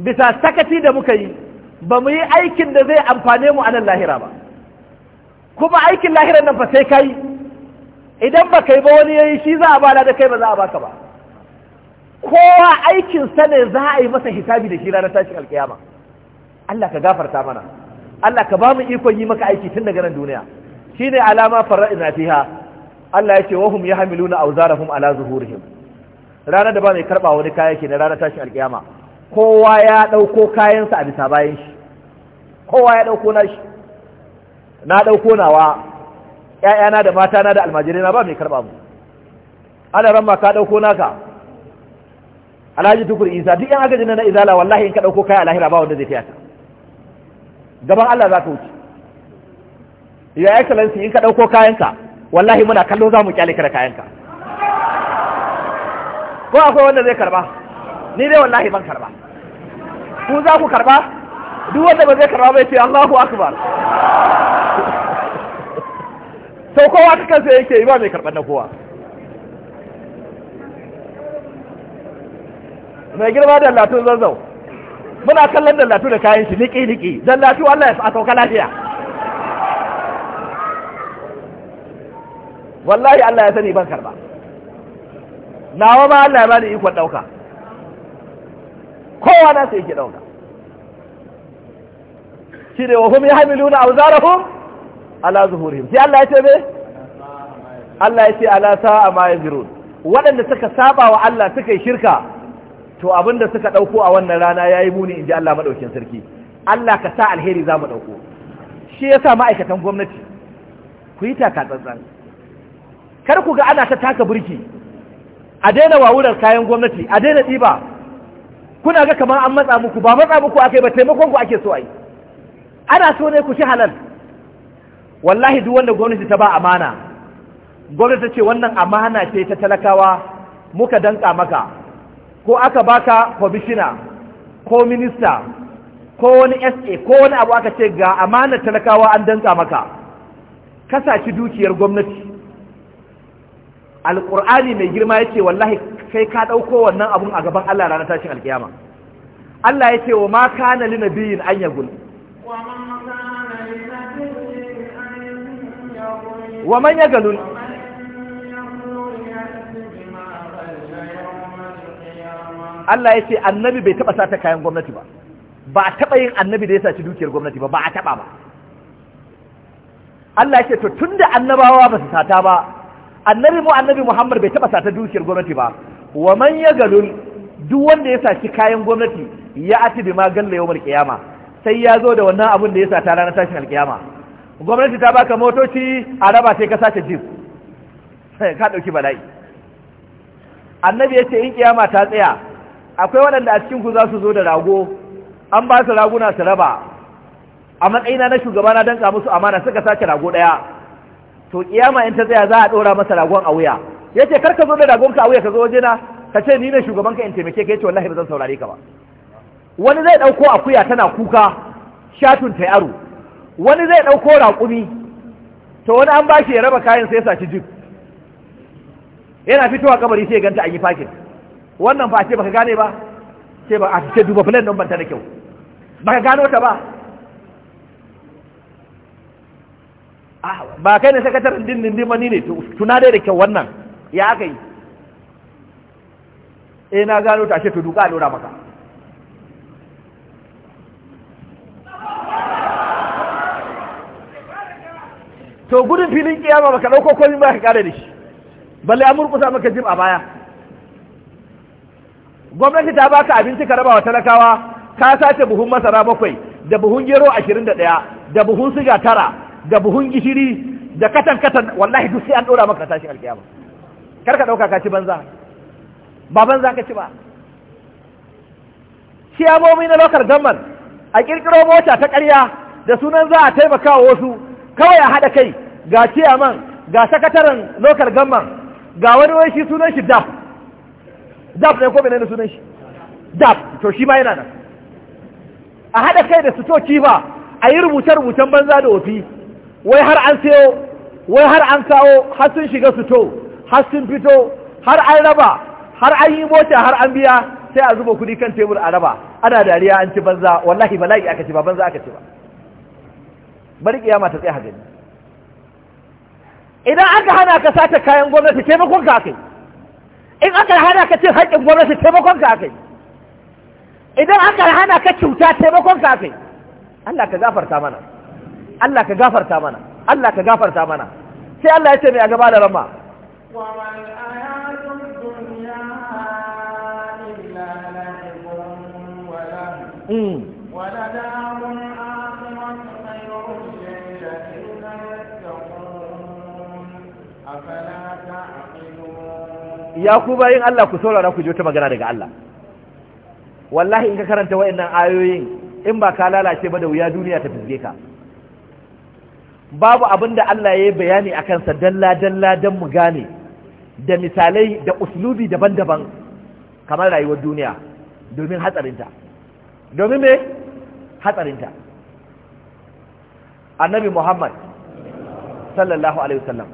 bisa sakaci da muka yi ba mu yi aikin da zai amfane mu a nan lahira ba kuma aikin lahirar nan fa sai kai idan ba kai ba wani ya yi shi za a ba da kai ba za a baka ba kowa aikinsa ne za a yi masa hisabi da shi ranar tashin alkiyama Allah ka gafarta mana Allah ka ba mu ikon yi maka aiki tun daga nan duniya Shi ne alama fara'ina fiha Allah ya yake wahum yahmiluna awzarahum ala zuhurihim ranar da ba mai karɓa wani kaya ke na ranar tashin alƙiyama. kowa ya ɗauko kayansa a bisa bayan shi kowa ya ɗauko na shi na ɗauko nawa ƴaƴana da matana da almajirai na ba mai karɓa mu ana ran ma ka ɗauko naka alhaji tukur isa duk yan agajin na izala wallahi in ka ɗauko kaya a lahira ba wanda zai ta gaban Allah za ka wuce ya excellency in ka ɗauko kayanka wallahi muna kallo za mu kyale ka da kayanka ko akwai wanda zai karba ni dai wallahi ban karba ku za ku karba duk wanda ba zai karba bai ce Allahu akbar sau kowa ka kansa yake yi ba mai karɓar na kowa mai girma da latin zazzau muna kallon dallatu da kayan shi niki niki dallatu Allah ya sa sauka lafiya wallahi Allah ya sani ban karba nawa ma Allah ya bani ikon dauka kowa na sai yake dauka shi da wahum ya hamilu na ala zuhurihim sai Allah ya ce me Allah ya ce ala sa'a ma yazirun waɗanda suka saba wa Allah suka yi shirka to abin da suka ɗauko a wannan rana ya yi muni in ji Allah maɗaukin sarki Allah ka sa alheri za mu ɗauko shi ya sa ma'aikatan gwamnati ku yi taka tsantsan kar ku ga ana ta taka burki a daina wawurar kayan gwamnati a daina ɗiba kuna ga kamar an matsa muku ba matsa muku akai ba taimakon ku ake so a yi ana so ne ku shi halal wallahi duk wanda gwamnati ta ba amana gwamnati ta ce wannan amana ce ta talakawa muka danka maka ko aka baka kwamishina ko minista ko wani sa ko wani abu aka ce ga amanar talakawa an danka maka kasashe dukiyar gwamnati alƙur'ani mai girma ya ce wallahi kai ka ɗauko wannan abun a gaban allah ranar tashin alkiyama allah ya ce wa ma kana linabiyin an yagul wa man ya galul Allah ya ce annabi bai taɓa sata kayan gwamnati ba ba a taɓa yin annabi da ya saci dukiyar gwamnati ba ba a taɓa ba Allah ya ce to tunda annabawa ba su sata ba annabi mu annabi Muhammad bai taɓa sata dukiyar gwamnati ba wa man yagalul duk wanda ya saci kayan gwamnati ya ati bi ma galla yawmal qiyama sai ya zo da wannan abun da ya sata ranar tashin alƙiyama. gwamnati ta baka motoci a raba sai ka sace jeep ka dauki bala'i annabi ya ce in kiyama ta tsaya akwai waɗanda a cikin ku za su zo da rago an ba su raguna su raba a matsayina na shugaba na danka musu amana suka sace rago ɗaya to kiyama in ta tsaya za a ɗora masa ragon a wuya yace kar ka zo da ragon ka a wuya ka zo waje na ka ce ni ne shugaban ka in taimake ka yace wallahi ba zan saurare ka ba wani zai ɗauko akuya tana kuka shatun ta aro wani zai ɗauko raƙumi to wani an shi ya raba kayan sai ya saci jib yana fitowa kabari sai ya ganta an yi fakin wannan fa ce baka gane ba ce ba a ce duba plan din banta da kyau baka gano ta ba ah, ba kai ne sakataren din din dimani ne tuna dai da kyau wannan ya aka yi eh na gano ta ce to duka a lura maka to gudun filin kiyama baka dauko komai ba ka kare da shi balle an murkusa maka jim a baya gwamnati ta baka abinci ka raba wa talakawa ka sace buhun masara bakwai da buhun gero ashirin da ɗaya da buhun siga tara da buhun gishiri da katan katan wallahi duk sai an ɗora maka tashin alkiyama kar ka ɗauka ka ci banza ba banza ka ci ba ciyamomi na lokar gamman a ƙirƙiro mota ta ƙarya da sunan za a taimaka wa wasu kawai a haɗa kai ga ciyaman ga sakataren lokar gamman ga wani wai shi sunan shi daf dab ne ko menene sunan shi dab to shi ma yana nan a haɗa kai da sitoci ba a yi rubuce-rubucen banza da ofi wai har an sayo wai har an kawo har sun shiga sito har sun fito har an raba har an yi mota har an biya sai a zuba kuɗi kan tebur a raba ana dariya an ci banza wallahi bala'i aka ci ba banza aka ci ba bari kiyama ta tsaya gani idan aka hana ka sata kayan gwamnati taimakon ka kai in aka hana ka cin haƙƙin gwamnati taimakon ka kai idan aka hana ka cuta taimakon ka kai Allah ka gafarta mana Allah ka gafarta mana Allah ka gafarta mana sai Allah ya ce mai a gaba da rama Mm. ya ku bayin Allah ku saurara ku ji wata magana daga Allah wallahi in ka karanta wayannan ayoyin in ba ka lalace ba da wuya duniya ta fizge ka babu abin da Allah ya yi bayani a kansa dalla dalla don mu gane da misalai da uslubi daban-daban kamar rayuwar duniya domin hatsarinta domin me hatsarinta annabi muhammad sallallahu alaihi wasallam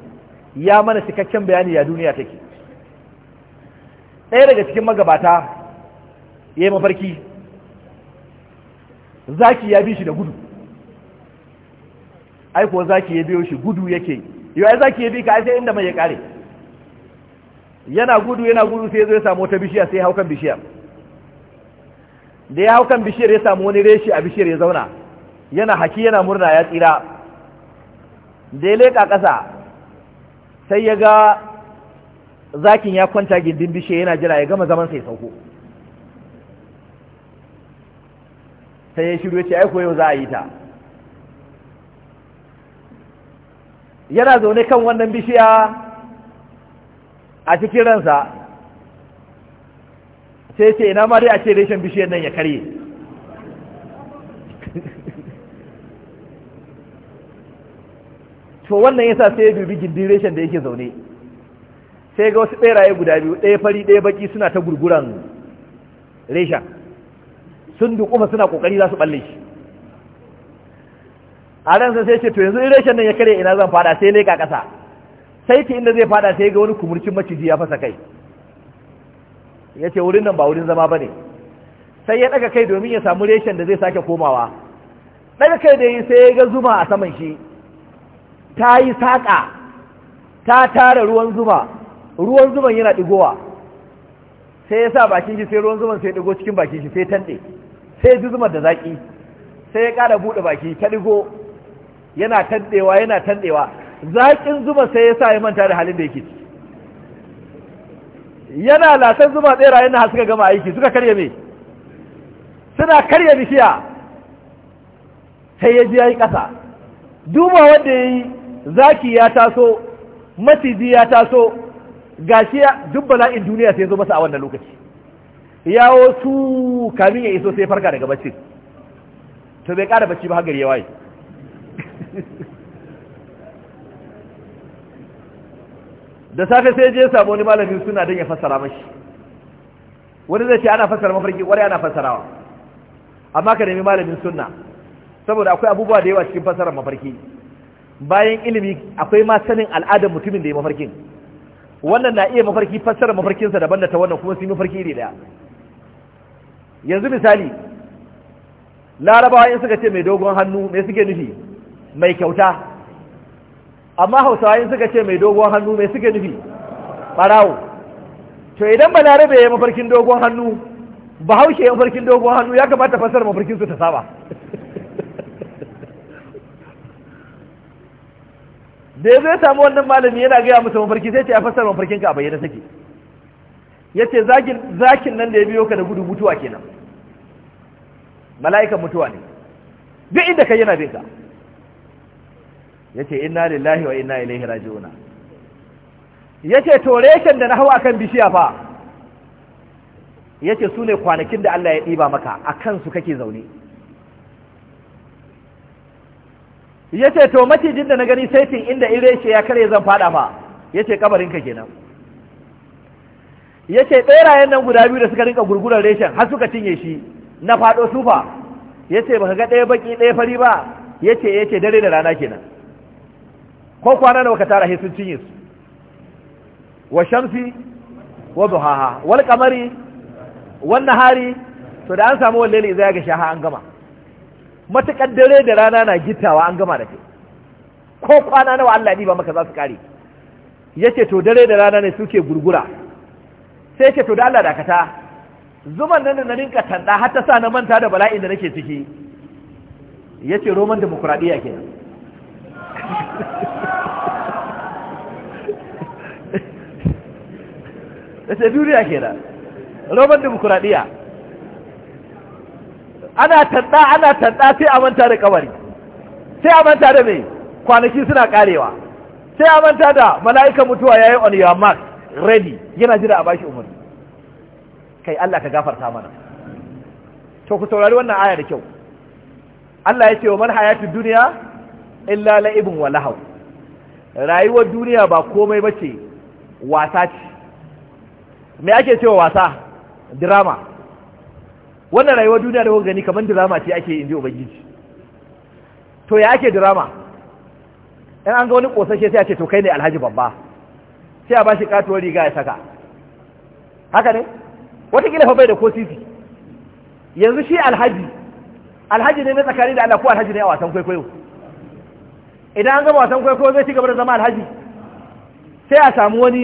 ya mana cikakken bayani ya duniya take ɗaya daga cikin magabata ya yi mafarki zaki ya bi shi da gudu ai zaki ya biyo shi gudu yake yau ai zaki ya bi ka ai sai inda mai ya kare yana gudu yana gudu sai ya zo ya samu wata bishiya sai ya hau kan bishiyar da ya hau kan bishiyar ya samu wani reshi a bishiyar ya zauna yana haki yana murna ya tsira da ya leƙa ƙasa sai ya ga zakin ya kwanta gindin bishe yana jira ya gama zaman sai sauko sai ya shiru ya ce aiko yau za a yi ta yana zaune kan wannan bishiya a cikin ransa sai ce ina ma dai a ce reshen bishiyar nan ya karye to wannan yasa sai ya dubi gindin reshen da yake zaune sai ga wasu beraye guda biyu ɗaya fari ɗaya baki suna ta gurguran reshen sun dukufa suna ƙoƙari za su balle shi a ransa sai ce to yanzu reshen nan ya kare ina zan fada sai leƙa ƙasa sai ta inda zai fada sai ga wani kumurcin maciji ya fasa kai ya ce wurin nan ba wurin zama ba ne sai ya ɗaga kai domin ya samu reshen da zai sake komawa ɗaga kai da yi sai ya ga zuma a saman shi ta yi saƙa ta tara ruwan zuma ruwan zuban yana digowa sai ya sa bakin shi sai ruwan zuban sai digo cikin bakin shi sai tande sai ya ji da zaki sai ya ƙara buɗe baki ta digo yana tandewa yana tandewa zakin zuba sai ya sa ya manta da halin da yake yana lasan zuba tserayen na suka gama aiki suka karya me suna karya bishiya sai ya ji ya yi ƙasa duba wanda ya yi zaki ya taso maciji ya taso gashi duk bala'in duniya sai zo masa a wannan lokaci yawo su kamin ya iso sai farka daga bacci to bai kara bacci ba hagari ya waye da safe sai je samu wani malamin suna don ya fassara mashi wani zai ce ana fassara mafarki wani ana fassarawa amma ka nemi malamin sunna saboda akwai abubuwa da yawa cikin fassarar mafarki bayan ilimi akwai ma sanin al'adar mutumin da ya mafarkin wannan na iya mafarki fassara mafarkinsa daban da ta wannan kuma sun yi mafarki iri daya yanzu misali larabawa in suka ce mai dogon hannu mai suke nufi mai kyauta amma hausawa in suka ce mai dogon hannu mai suke nufi barawo to idan ba Larabe ya mafarkin dogon hannu bahaushe ya mafarkin dogon hannu ya kamata fassara mafarkinsu ta saba da ya ya samu wannan malami yana gaya masa mafarki sai ce a fasar mafarkin ka a bayyana take ya ce zakin nan da ya biyo ka da gudu mutuwa kenan mala'ikan mutuwa ne duk inda kai yana bin ka ya ce inna lillahi wa inna ilaihi raji'una ya ce toreshen da na hau akan bishiya fa ya ce su ne kwanakin da Allah ya ɗiba maka a kansu kake zaune ya ce to macijin da na gani saitin inda ire shi ya kare zan fada ma ya ce kabarinka kenan ya ce ɓerayen nan guda biyu da suka rinka gurgurar reshen har suka cinye shi na fado sufa ya ce ba ka ga ɗaya baki ɗaya fari ba ya ce ya ce dare da rana kenan ko kwana da baka tara sun cinye su wa shamsi wa duhaha wal kamari wannan hari to da an samu wallahi zai ga shaha an gama matuƙar dare da rana na gittawa an gama da ke. ko kwana nawa Allah ya ba maka za su kare ce to dare da rana ne suke gurgura sai ce to da Allah dakata zuman nan da na rinka tanda har ta sa na manta da bala'in da nake ciki ce roman demokradiya Ya ce duniya ke roman demokuraɗiyya ana tanɗa ana tanda sai a manta da kabari sai a manta da mai kwanaki suna karewa sai a manta da mala'ika mutuwa yayi on your mark ready yana jira a bashi umarni kai Allah ka gafarta mana to ku saurari wannan aya da kyau Allah ya ce wa man hayatu dunya illa la'ibun wa lahaw rayuwar duniya ba komai bace wasa ce me ake cewa wasa drama wannan rayuwar duniya da wani gani kamar drama ce ake inji ubangiji to ya ake drama in an ga wani ƙosashe sai a ce to kai ne alhaji babba sai a ba shi katuwar riga ya saka haka ne wataƙila fa bai da ko sisi yanzu shi alhaji alhaji ne na tsakani da Allah ko alhaji ne a wasan kwaikwayo idan an gama wasan kwaikwayo zai ci gaba da zama alhaji sai a samu wani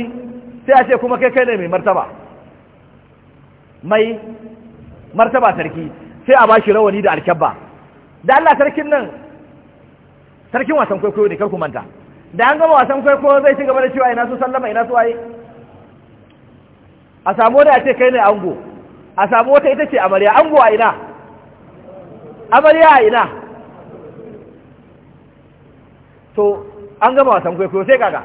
sai a ce kuma kai kai ne mai martaba mai martaba sarki sai a bashi rawani da alkyabba da Allah sarkin nan sarkin wasan kwaikwayo ne karku manta da an gama wasan kwaikwayo zai ci gaba da cewa ina su sallama ina su waye a samu a ce kai ne ango a samu wata ita ce amarya ango a ina amarya a ina to an gama wasan kwaikwayo sai kaga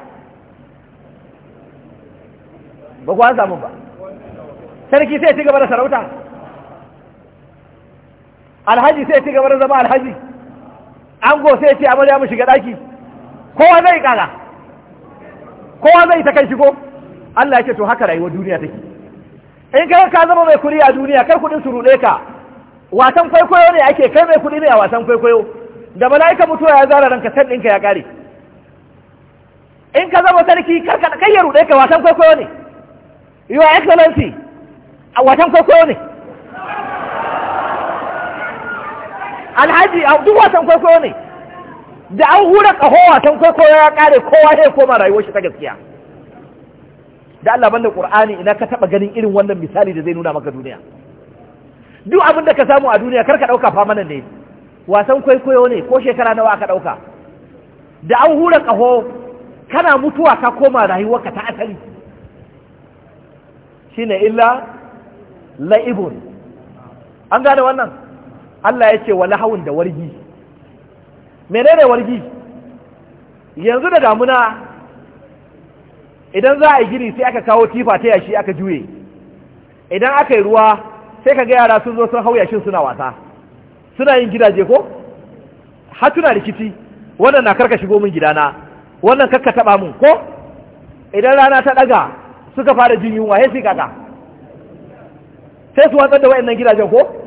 ba ku an samu ba sarki sai ci gaba da sarauta alhaji sai ci gaba da zama alhaji ango sai ce amarya mu shiga daki kowa zai kara kowa zai ta kai shigo Allah yake to haka rayuwar duniya take in kai ka zama mai kuri a duniya kai kudin su rude ka wasan kwaikwayo ne ake kai mai kudi ne a wasan kwaikwayo da mala'ika mutuwa ya zara ranka san ɗinka ya kare in ka zama sarki kai ya rude ka wasan kwaikwayo ne your excellency a wasan kwaikwayo ne alhaji a duk wasan kwaikwayo ne da an hura ƙaho wasan kwaikwayo ya ƙare kowa ya koma rayuwar shi ta gaskiya da Allah banda Qur'ani ina ka taba ganin irin wannan misali da zai nuna maka duniya duk abin da ka samu a duniya kar ka fa mana ne wasan kwaikwayo ne ko shekara nawa aka ɗauka? da an hura ƙaho kana mutuwa ka koma rayuwarka ta asali shine illa la'ibun an gane wannan Allah ya ce wa lahawun da wargi menene wargi yanzu da damuna idan za a yi gini sai aka kawo tifa ta yashi aka juye idan aka yi ruwa sai ka ga yara sun zo sun hau yashin suna wasa suna yin gidaje ko hatuna tuna rikici wannan na karka shigo min gidana wannan karka taba min ko idan rana ta daga suka fara jin yunwa sai kaka sai su watsar da wayannan gidajen ko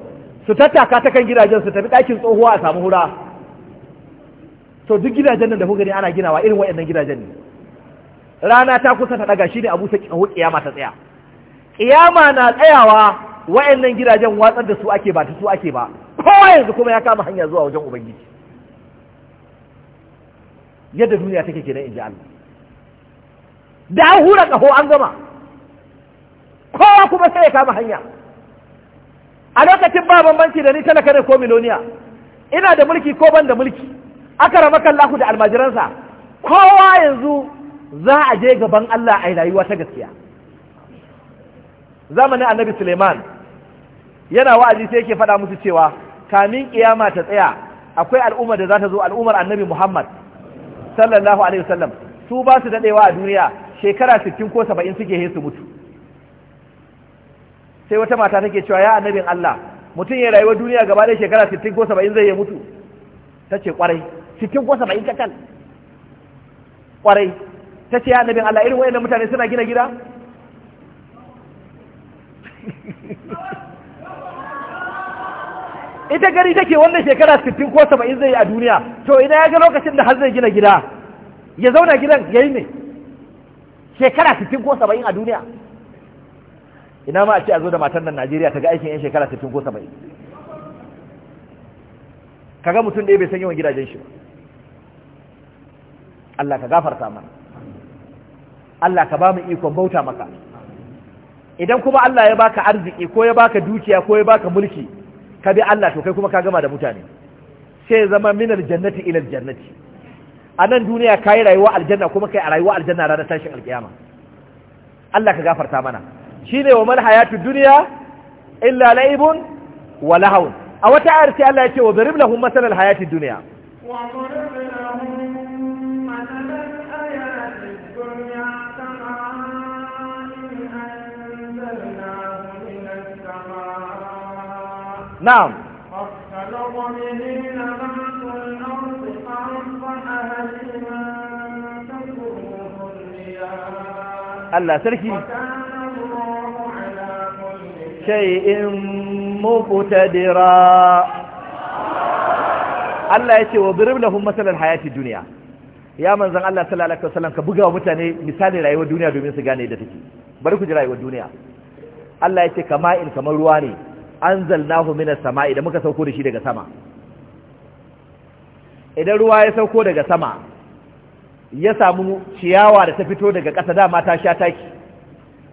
su tattaka ta kan gidajen su tafi ɗakin tsohuwa a samu hura to duk gidajen nan da kuka ne ana ginawa irin waɗannan gidajen ne rana ta kusa ta ɗaga shi ne abu ta kiyama ta tsaya kiyama na tsayawa waɗannan gidajen watsar da su ake ba ta su ake ba kowa yanzu kuma ya kama hanya zuwa wajen ubangiji yadda duniya take kenan in ji Allah da an hura ƙaho an gama kowa kuma sai ya kama hanya a lokacin ba bambanci da ni talaka ne ko miloniya ina da mulki ko ban da mulki aka rama lahu da almajiransa kowa yanzu za a je gaban Allah a rayuwa ta gaskiya zamanin annabi suleiman yana wa'azi sai yake faɗa musu cewa kamin kiyama ta tsaya akwai al'ummar da za ta zo al'ummar annabi muhammad sallallahu alaihi wasallam su ba su daɗewa a duniya shekara 60 ko 70 suke hesu mutu sai wata mata take cewa ya annabin Allah mutum ya rayuwa duniya gaba da shekara 60 ko 70 zai ya mutu tace kwarai 60 ko 70 kacal kwarai tace ya annabin Allah irin wayannan mutane suna gina gida ita gari take wannan shekara 60 ko 70 zai yi a duniya to idan ya ga lokacin da har zai gina gida ya zauna gidan yayi ne shekara 60 ko 70 a duniya ina ma a ce a zo da matan nan Najeriya ta ga aikin yan shekara 60 ko 70 kaga mutum da bai san yawan gidajen shi ba Allah ka gafarta mana Allah ka ba mu ikon bauta maka idan kuma Allah ya baka arziki ko ya baka dukiya ko ya baka mulki ka bi Allah to kai kuma ka gama da mutane sai zama minal jannati ila jannati a nan duniya kai rayuwa aljanna kuma kai a rayuwa aljanna ranar tashin alkiyama Allah ka gafarta mana shine wa mal hayatu dunya illa la'ibun wa lahun a wata ayar sai Allah ya ce wa darib lahum masal al hayati dunya kama na'am فاختلط به الله سركي شيء مقتدرا الله يتي وضرب لهم مثل الحياة الدنيا يا من زن الله صلى الله عليه وسلم كبغا ومتاني مثال رأيوة الدنيا دومين سغاني دتكي بركو جي رأيوة الدنيا الله يتي كماء كما رواني أنزلناه من السماء إذا مكا سوكو رشي دقا سما إذا روا سوكو دقا سما ya samu ciyawa da ta fito daga ƙasa dama ta sha taki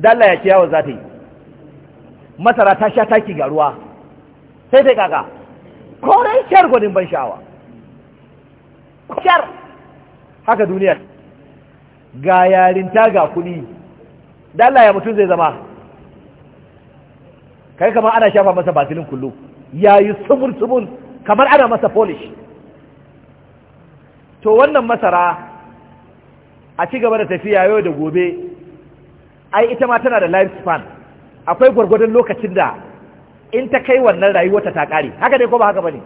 dalla ya ciyawa za ta yi masara ta sha taki ga ruwa sai dai kaka koren shar gwanin ban sha'awa shar haka duniyar ga yarinta ga kuɗi dala ya mutum zai zama kai kamar ana shafa masa batilin kullum ya yi sumul kamar ana masa polish to wannan masara a ci gaba da tafiya yau da gobe ai ita ma tana da life span akwai gwargwadon lokacin da in ta kai wannan rayuwarta ta kare haka dai ko ba haka ba ne?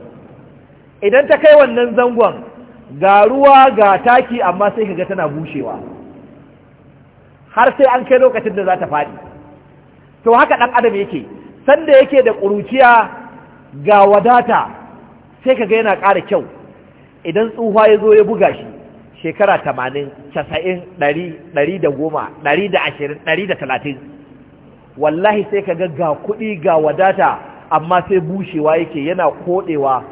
idan ta kai wannan zangon ga ruwa ga taki amma sai ka ga tana bushewa har sai an kai lokacin da za ta faɗi to haka ɗan adam yake sanda yake da ƙuruciya ga wadata sai ka ga yana ƙara kyau idan tsufa ya zo ya buga shi shekara tamanin, casa'in, ɗari, ɗari da goma, ɗari da ashirin, ɗari da talatin. wallahi sai ka ga ga kuɗi ga wadata amma sai bushewa yake yana koɗewa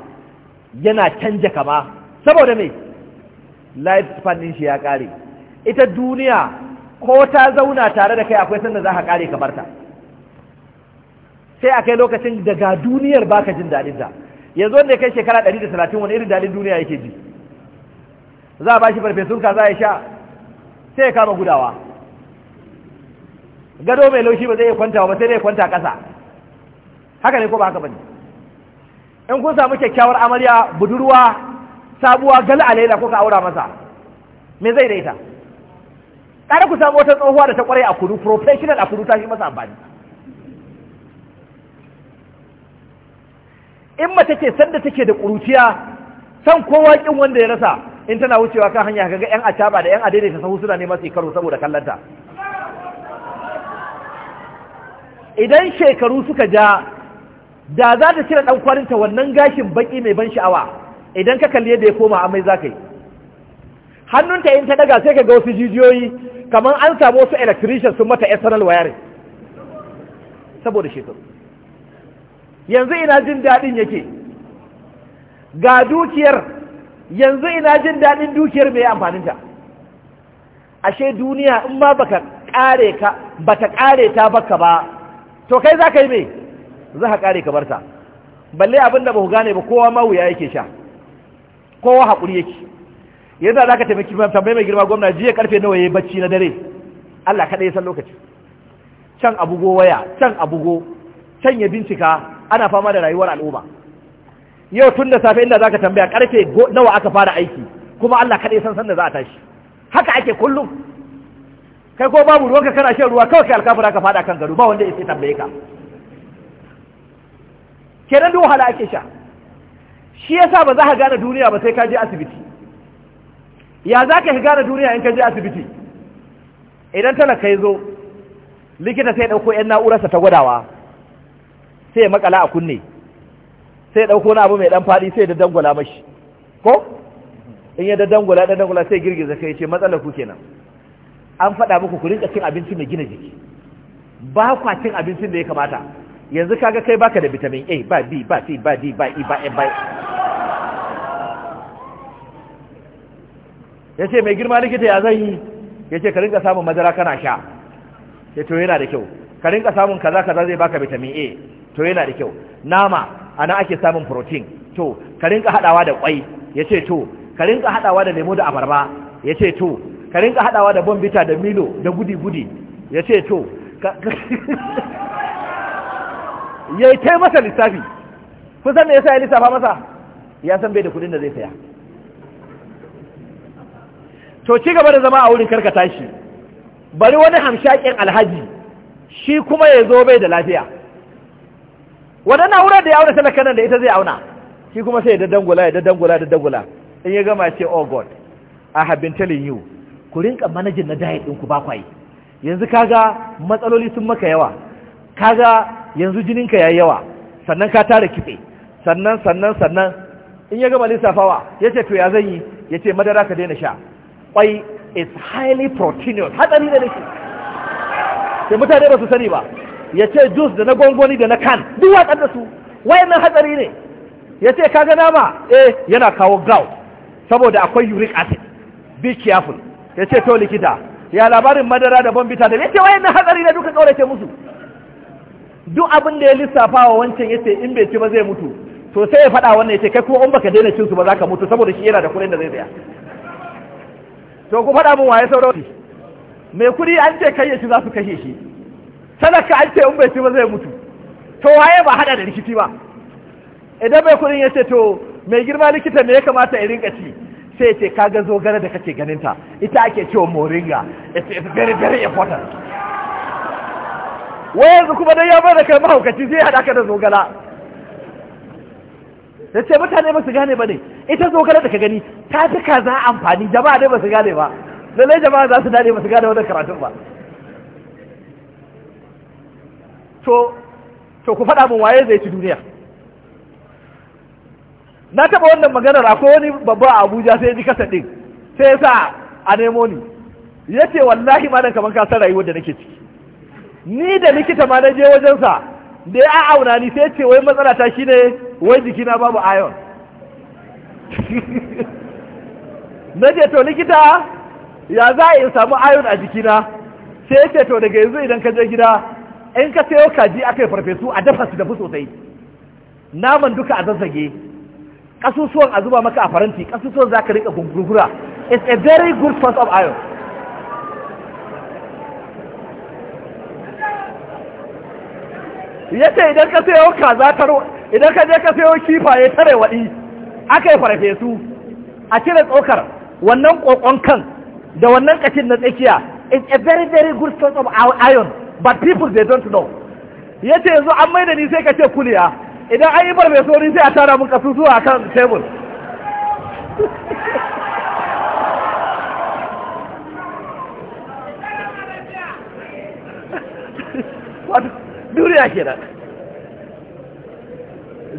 yana canja kama saboda mai life spanning shi ya ƙare ita duniya ko ta zauna tare da kai akwai sanda za ka ƙare ka barta sai a kai lokacin daga duniyar baka jin daɗin ta yanzu wanda ya kai shekara 130 wani irin daɗin duniya yake ji za a ba shi farfesun kaza a sha sai ya kama gudawa gado mai laushi ba zai iya kwanta ba sai dai kwanta ƙasa haka ne ko ba haka bane in kun samu kyakkyawar amarya budurwa sabuwa gal alaila ko ka aura masa me zai daita kada ku samu wata tsohuwa da ta kware a kudu professional a kudu ta shi masa amfani in mace ce sanda take da kuruciya san kowa kin wanda ya rasa in tana wucewa kan hanya kaga yan acaba da yan adaidaita sahu suna neman su karo saboda kallanta idan shekaru suka ja da za ta cire ɗan kwarinta wannan gashin baƙi mai ban sha'awa idan ka kalli yadda ya koma amai za ka yi hannunta in ta daga sai ka ga wasu jijiyoyi kamar an samu wasu electrician sun mata external wiring saboda shekaru yanzu ina jin daɗin yake ga dukiyar yanzu ina jin daɗin dukiyar mai amfaninta ashe duniya in ma baka kare ka bata kare ta baka ba to kai za ka yi me za ka kare ka barta balle abin da ba ku gane ba kowa mawuya yake sha kowa haƙuri yake yadda za ka taimaki tambayi mai girma gwamna jiya karfe nawa ya yi bacci na dare allah kaɗai ya san lokaci can abugo waya can abugo can ya bincika ana fama da rayuwar al'umma yau tun da safe inda za ka tambaya karfe nawa aka fara aiki kuma allah kaɗa ya san sanda za a tashi haka ake kullum kai ko babu ruwanka kana shan ruwa kawai kai alkafura ka fada kan gado ba wanda ya sai tambaye ka kenan duk wahala ake sha shi yasa ba za ka gane duniya ba sai ka je asibiti ya za ka gane duniya in ka je asibiti idan talaka ya zo likita sai ɗauko 'yan na'urarsa ta gwadawa sai ya makala a kunne sai ɗauko na abu mai ɗan faɗi sai da dangwala mashi ko in ya da dangwala da dangwala sai girgiza kai ce matsalar ku kenan an faɗa muku ku rinka cin abinci mai gina jiki ba kwa cin abincin da ya kamata yanzu kaga kai baka da vitamin A ba B ba C ba D ba E ba M ba e. yace mai girma likita ya zai yi yace ka rinka samun madara kana sha sai to yana da kyau ka rinka samun kaza kaza zai baka vitamin A to yana da kyau nama ana ake samun protein to ka rinka hadawa da kwai yace to ka rinka haɗawa da lemo da abarba yace to ka rinka hadawa da bombita da milo da gudi-gudi ya ce to ya yi ta masa lissafi kusan da ya sa ya lissafa masa ya san bai da kudin da zai saya to ci gaba da zama a wurin karkata shi bari wani hamshakin alhaji shi kuma ya zo bai da lafiya waɗannan wurin da ya auna sanar kanan da ita zai auna shi kuma sai ya daddangula ya daddangula ya daddangula in ya gama ce oh god i have been telling you ku rinka manajin na diet ku ba kwaye yanzu kaga matsaloli sun maka yawa kaga yanzu jininka yayi yawa sannan ka tara kitse sannan sannan sannan in ya gama lissafawa ya ce to ya zan yi ya ce madara ka daina sha kwai is highly proteinous hatsari da nake ke mutane ba su sani ba ya ce juice da na gwangwani da na kan duk watsar da su wayannan hatsari ne ya ce kaga nama eh yana kawo gout saboda akwai uric acid be careful ya ce to likita ya labarin madara da bombita da yake wayan na hatsari na duka kaurace musu duk abin da ya lissafa wa wancan yace in bai ci ba zai mutu to sai ya faɗa wannan yace kai kuma in baka daina cinsu ba za ka mutu saboda shi yana da kuɗin da zai tsaya to ku faɗa min waye sauran mai kuɗi an ce kai ya ci za su kashe shi sadaka an ce in bai ci ba zai mutu to waye ba hada da likiti ba idan mai kuɗin yace to mai girma likita me ya kamata ya rinka ci sai ce kaga zogale da kake ganinta ita ake cewa moringa it's very very important wai yanzu kuma dai ya bar da kai mahaukaci zai haɗa ka da zogala da ce mutane ba su gane ba ne ita zogala da ka gani ta fi za amfani jama'a dai ba su gane ba lallai jama'a za su dade ba su gane wannan karatun ba to to ku faɗa min waye zai ci duniya na taɓa wannan maganar akwai wani babba a abuja sai ji kasa ɗin sai sa a nemo ni ya ce wallahi malam kamar ka san rayuwar da nake ciki ni da likita ma na je wajensa da ya auna ni sai ce wai matsala ta shine wai jikina babu iron na ce to likita ya za a in samu iron a jikina sai ce to daga yanzu idan ka je gida in ka sayo kaji aka yi farfesu a dafa su dafu sosai naman duka a zazzage kasusuwan a zuba maka a faranti kasusuwan za ka rika gungura it's a very good source of iron ya ce idan ka sayo kaza taro idan ka je ka sayo kifaye tare waɗi aka yi farfesu a cire tsokar wannan ƙoƙon kan da wannan ƙashin na tsakiya it's a very very good source of iron but people they don't know ya ce yanzu an mai da ni sai ka ce kuliya idan an yi barbesori sai a tara mun kasusuwa a kan tebul wato duniya ke nan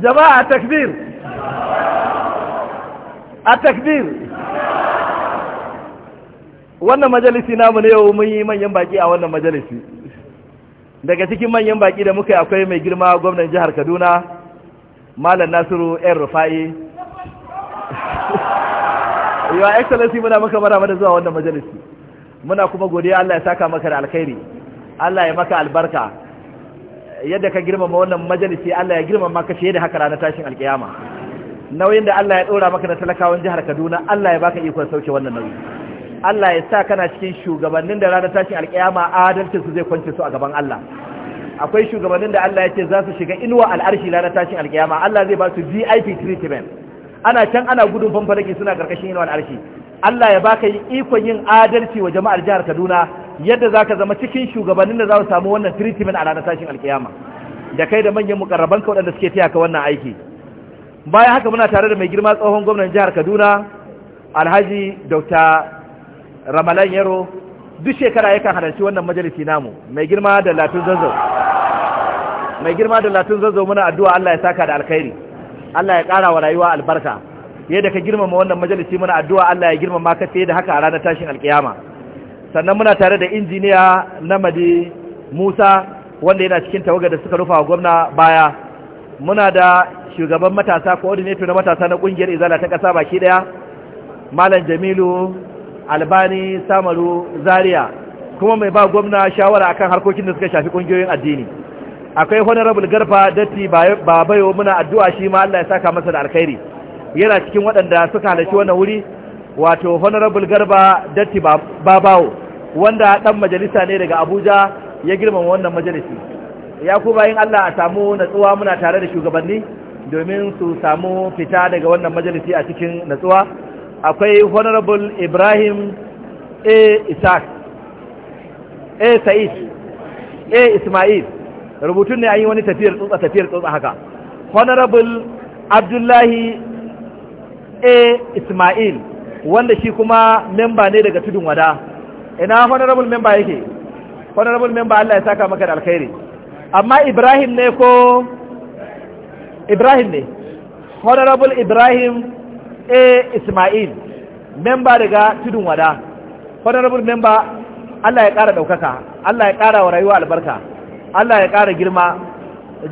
jama'a a takbir a takbir wannan majalisi namu ne yau mun yi manyan baki a wannan majalisi daga cikin manyan baki da muka yi akwai mai girma gwamnan jihar kaduna malam nasiru yan rufa'i yawa excellency muna maka bara da zuwa wannan majalisi muna kuma godiya Allah ya saka maka da alkhairi Allah ya maka albarka yadda ka girmama wannan majalisi Allah ya girmama maka fiye da haka ranar tashin alkiyama nauyin da Allah ya dora maka na talakawan jihar Kaduna Allah ya baka ikon sauke wannan nauyi Allah ya sa kana cikin shugabannin da ranar tashin alkiyama adalcin su zai kwance su a gaban Allah akwai shugabannin da Allah ya ce za su shiga inuwa al'arshi na tashin alkiyama Allah zai ba su VIP treatment ana can ana gudun fanfaraki suna karkashin inuwa al'arshi Allah ya baka ikon yin adalci wa jama'ar jihar Kaduna yadda zaka zama cikin shugabannin da za su samu wannan treatment a ranar tashin alkiyama da kai da manyan mukarraban ka waɗanda suke taya ka wannan aiki bayan haka muna tare da mai girma tsohon gwamnan jihar Kaduna Alhaji Dr. Ramalan Yaro duk shekara yakan halarci wannan majalisi namu mai girma da latin zazzau mai girma da latin zazzau muna addu'a Allah ya saka da alkhairi Allah ya ƙara wa rayuwa albarka da ka girmama wannan majalisi muna addu'a Allah ya girmama ka fiye da haka a ranar tashin alkiyama sannan muna tare da injiniya Namadi Musa wanda yana cikin tawaga da suka rufa gwamna baya muna da shugaban matasa coordinator na matasa na ƙungiyar izala ta ƙasa baki ɗaya Malam Jamilu Albani Samaru Zaria kuma mai ba gwamna shawara akan harkokin da suka shafi ƙungiyoyin addini akwai honorable garfa datti ba bayo muna addu'a shi ma Allah ya saka masa da alkhairi yana cikin waɗanda suka halarci wannan wuri wato honorable garba datti babawo wanda dan majalisa ne daga abuja ya girmama wannan majalisi ya ku bayan allah a samu natsuwa muna tare da shugabanni domin su samu fita daga wannan majalisi a cikin natsuwa akwai honorable ibrahim a isaac a sa'id a ismail rubutun ne an yi wani tafiyar tsotsa tafiyar tsotsa haka honorable abdullahi a ismail wanda shi kuma memba ne daga tudun wada ina honorable memba yake honorable memba Allah ya saka maka da alkhairi amma ibrahim ne ko ibrahim ne honorable ibrahim a ismail memba daga tudun wada honorable memba Allah ya ƙara ɗaukaka Allah ya ƙara wa rayuwa albarka Allah ya ƙara girma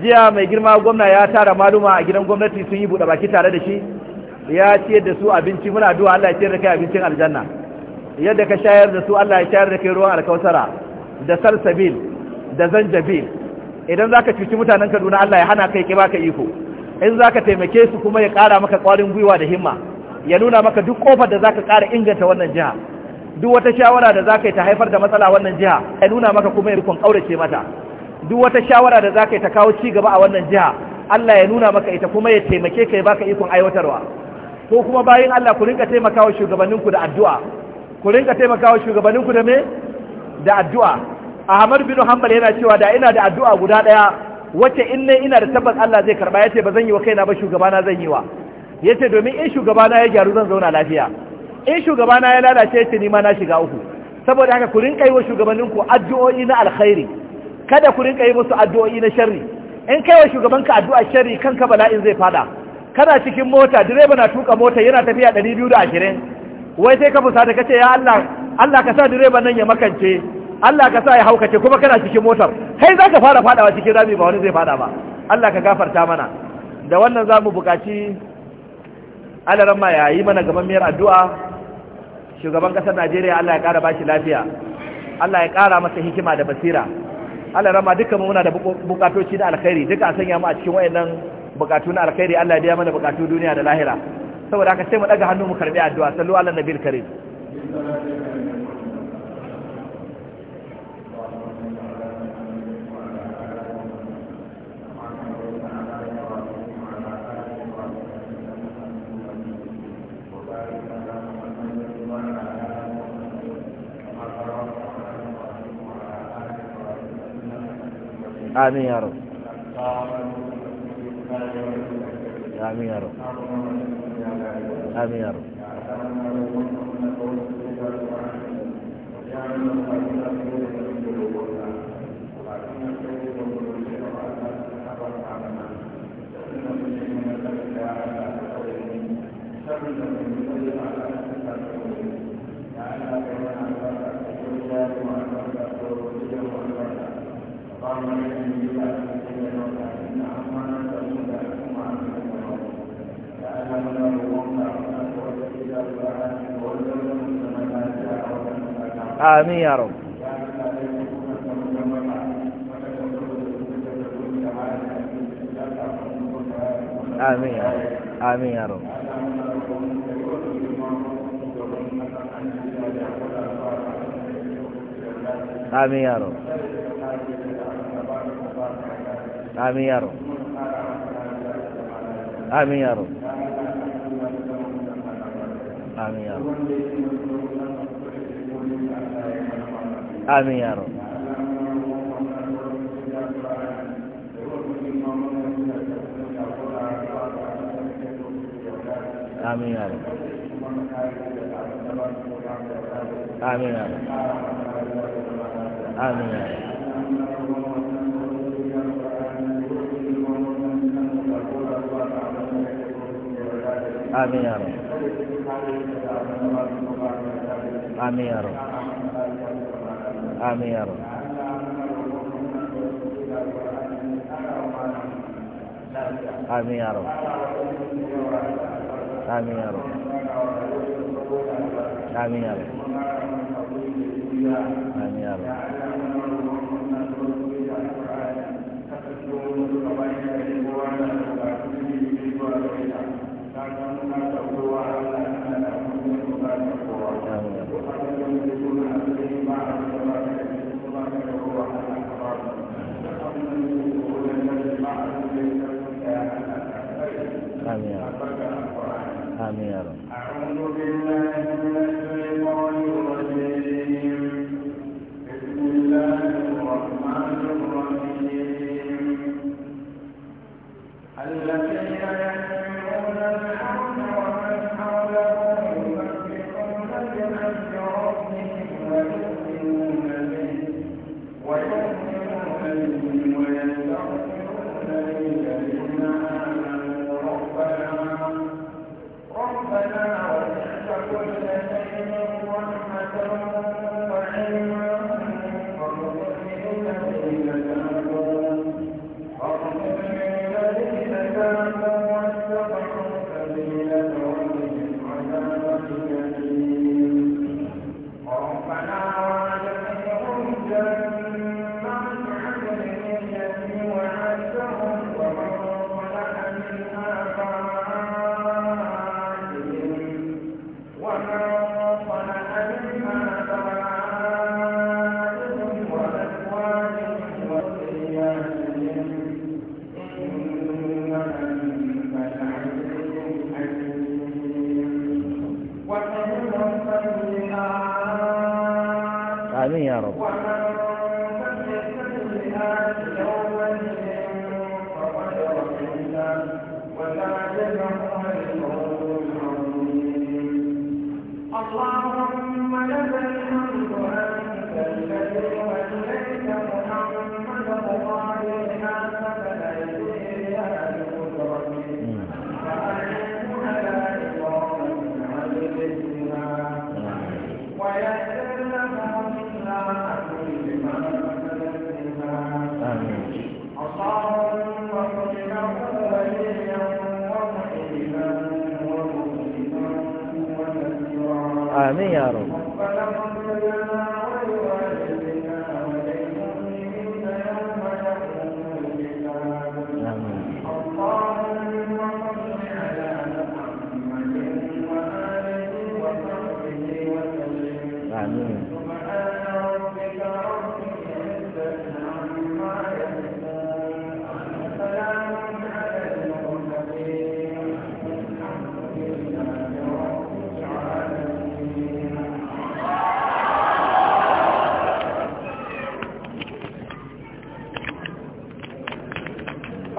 jiya mai girma gwamna ya tara maluma a gidan gwamnati sun yi buɗe baki tare da shi ya ciyar da su abinci muna duwa Allah ya ciyar da kai abincin aljanna yadda ka shayar da su Allah ya shayar da kai ruwan alkausara da salsabil da zanjabil idan zaka cuci mutanen Kaduna Allah ya hana kai ki ka iko in zaka taimake su kuma ya ƙara maka ƙwarin gwiwa da himma ya nuna maka duk kofar da zaka ƙara inganta wannan jiha duk wata shawara da zaka yi ta haifar da matsala wannan jiha ya nuna maka kuma ya rikon ƙaurace mata duk wata shawara da zaka yi ta kawo ci gaba a wannan jiha Allah ya nuna maka ita kuma ya taimake ka ya baka ikon aiwatarwa ko kuma bayan Allah ku rinka taimakawa shugabanninku da addu'a ku rinka taimakawa shugabanninku da me da addu'a Ahmad bin Hanbal yana cewa da ina da addu'a guda daya wace in ne ina da tabbas Allah zai karba yace bazan yi wa kaina ba shugabana zan yi wa yace domin in shugabana ya gyaru zan zauna lafiya in shugabana ya lalace yace ni ma na shiga uku saboda haka ku rinka yi wa ku addu'o'i na alkhairi kada ku rinka yi musu addu'o'i na sharri in kaiwa ka addu'a sharri kanka bala'in zai fada kana cikin mota direba na tuka mota yana tafiya ɗari biyu da ashirin wai sai ka fusata kace ya Allah Allah ka sa direban nan ya makance Allah ka sa ya haukace kuma kana cikin motar kai za ka fara fadawa cikin rami ba wani zai fada ba Allah ka gafarta mana da wannan za mu buƙaci alaran ma ya yi mana gamanmiyar addu'a shugaban ƙasar Najeriya Allah ya ƙara ba lafiya Allah ya ƙara masa hikima da basira Allah rama dukkan muna da bukatoci na alkhairi duka a sanya mu a cikin wayannan bukatu na alkhairi Allah ya biya mana bukatu duniya da lahira saboda haka sai mu daga hannu mu karbi addu'a sallu ala nabiyil karim amin ya rabu amin ya rabu amin ya rabu Thank you. آمين يا رب آمين يا رب آمين يا رب آمين يا رب amin ya amin ya amin ya amin ya Amin ya Rabb. Amin ya Rabb. Amin ya Rabb. Amin ya Rabb. Amin ya Rabb. Amin ya Rabb. Amin ya Rabb. Amin. Amin. Amin.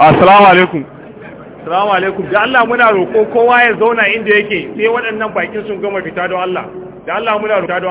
assalamu alaikum assalamu alaikum da Allah muna roƙo kowa ya zauna inda yake sai waɗannan bakin sun gama fita don Allah da Allah muna roƙo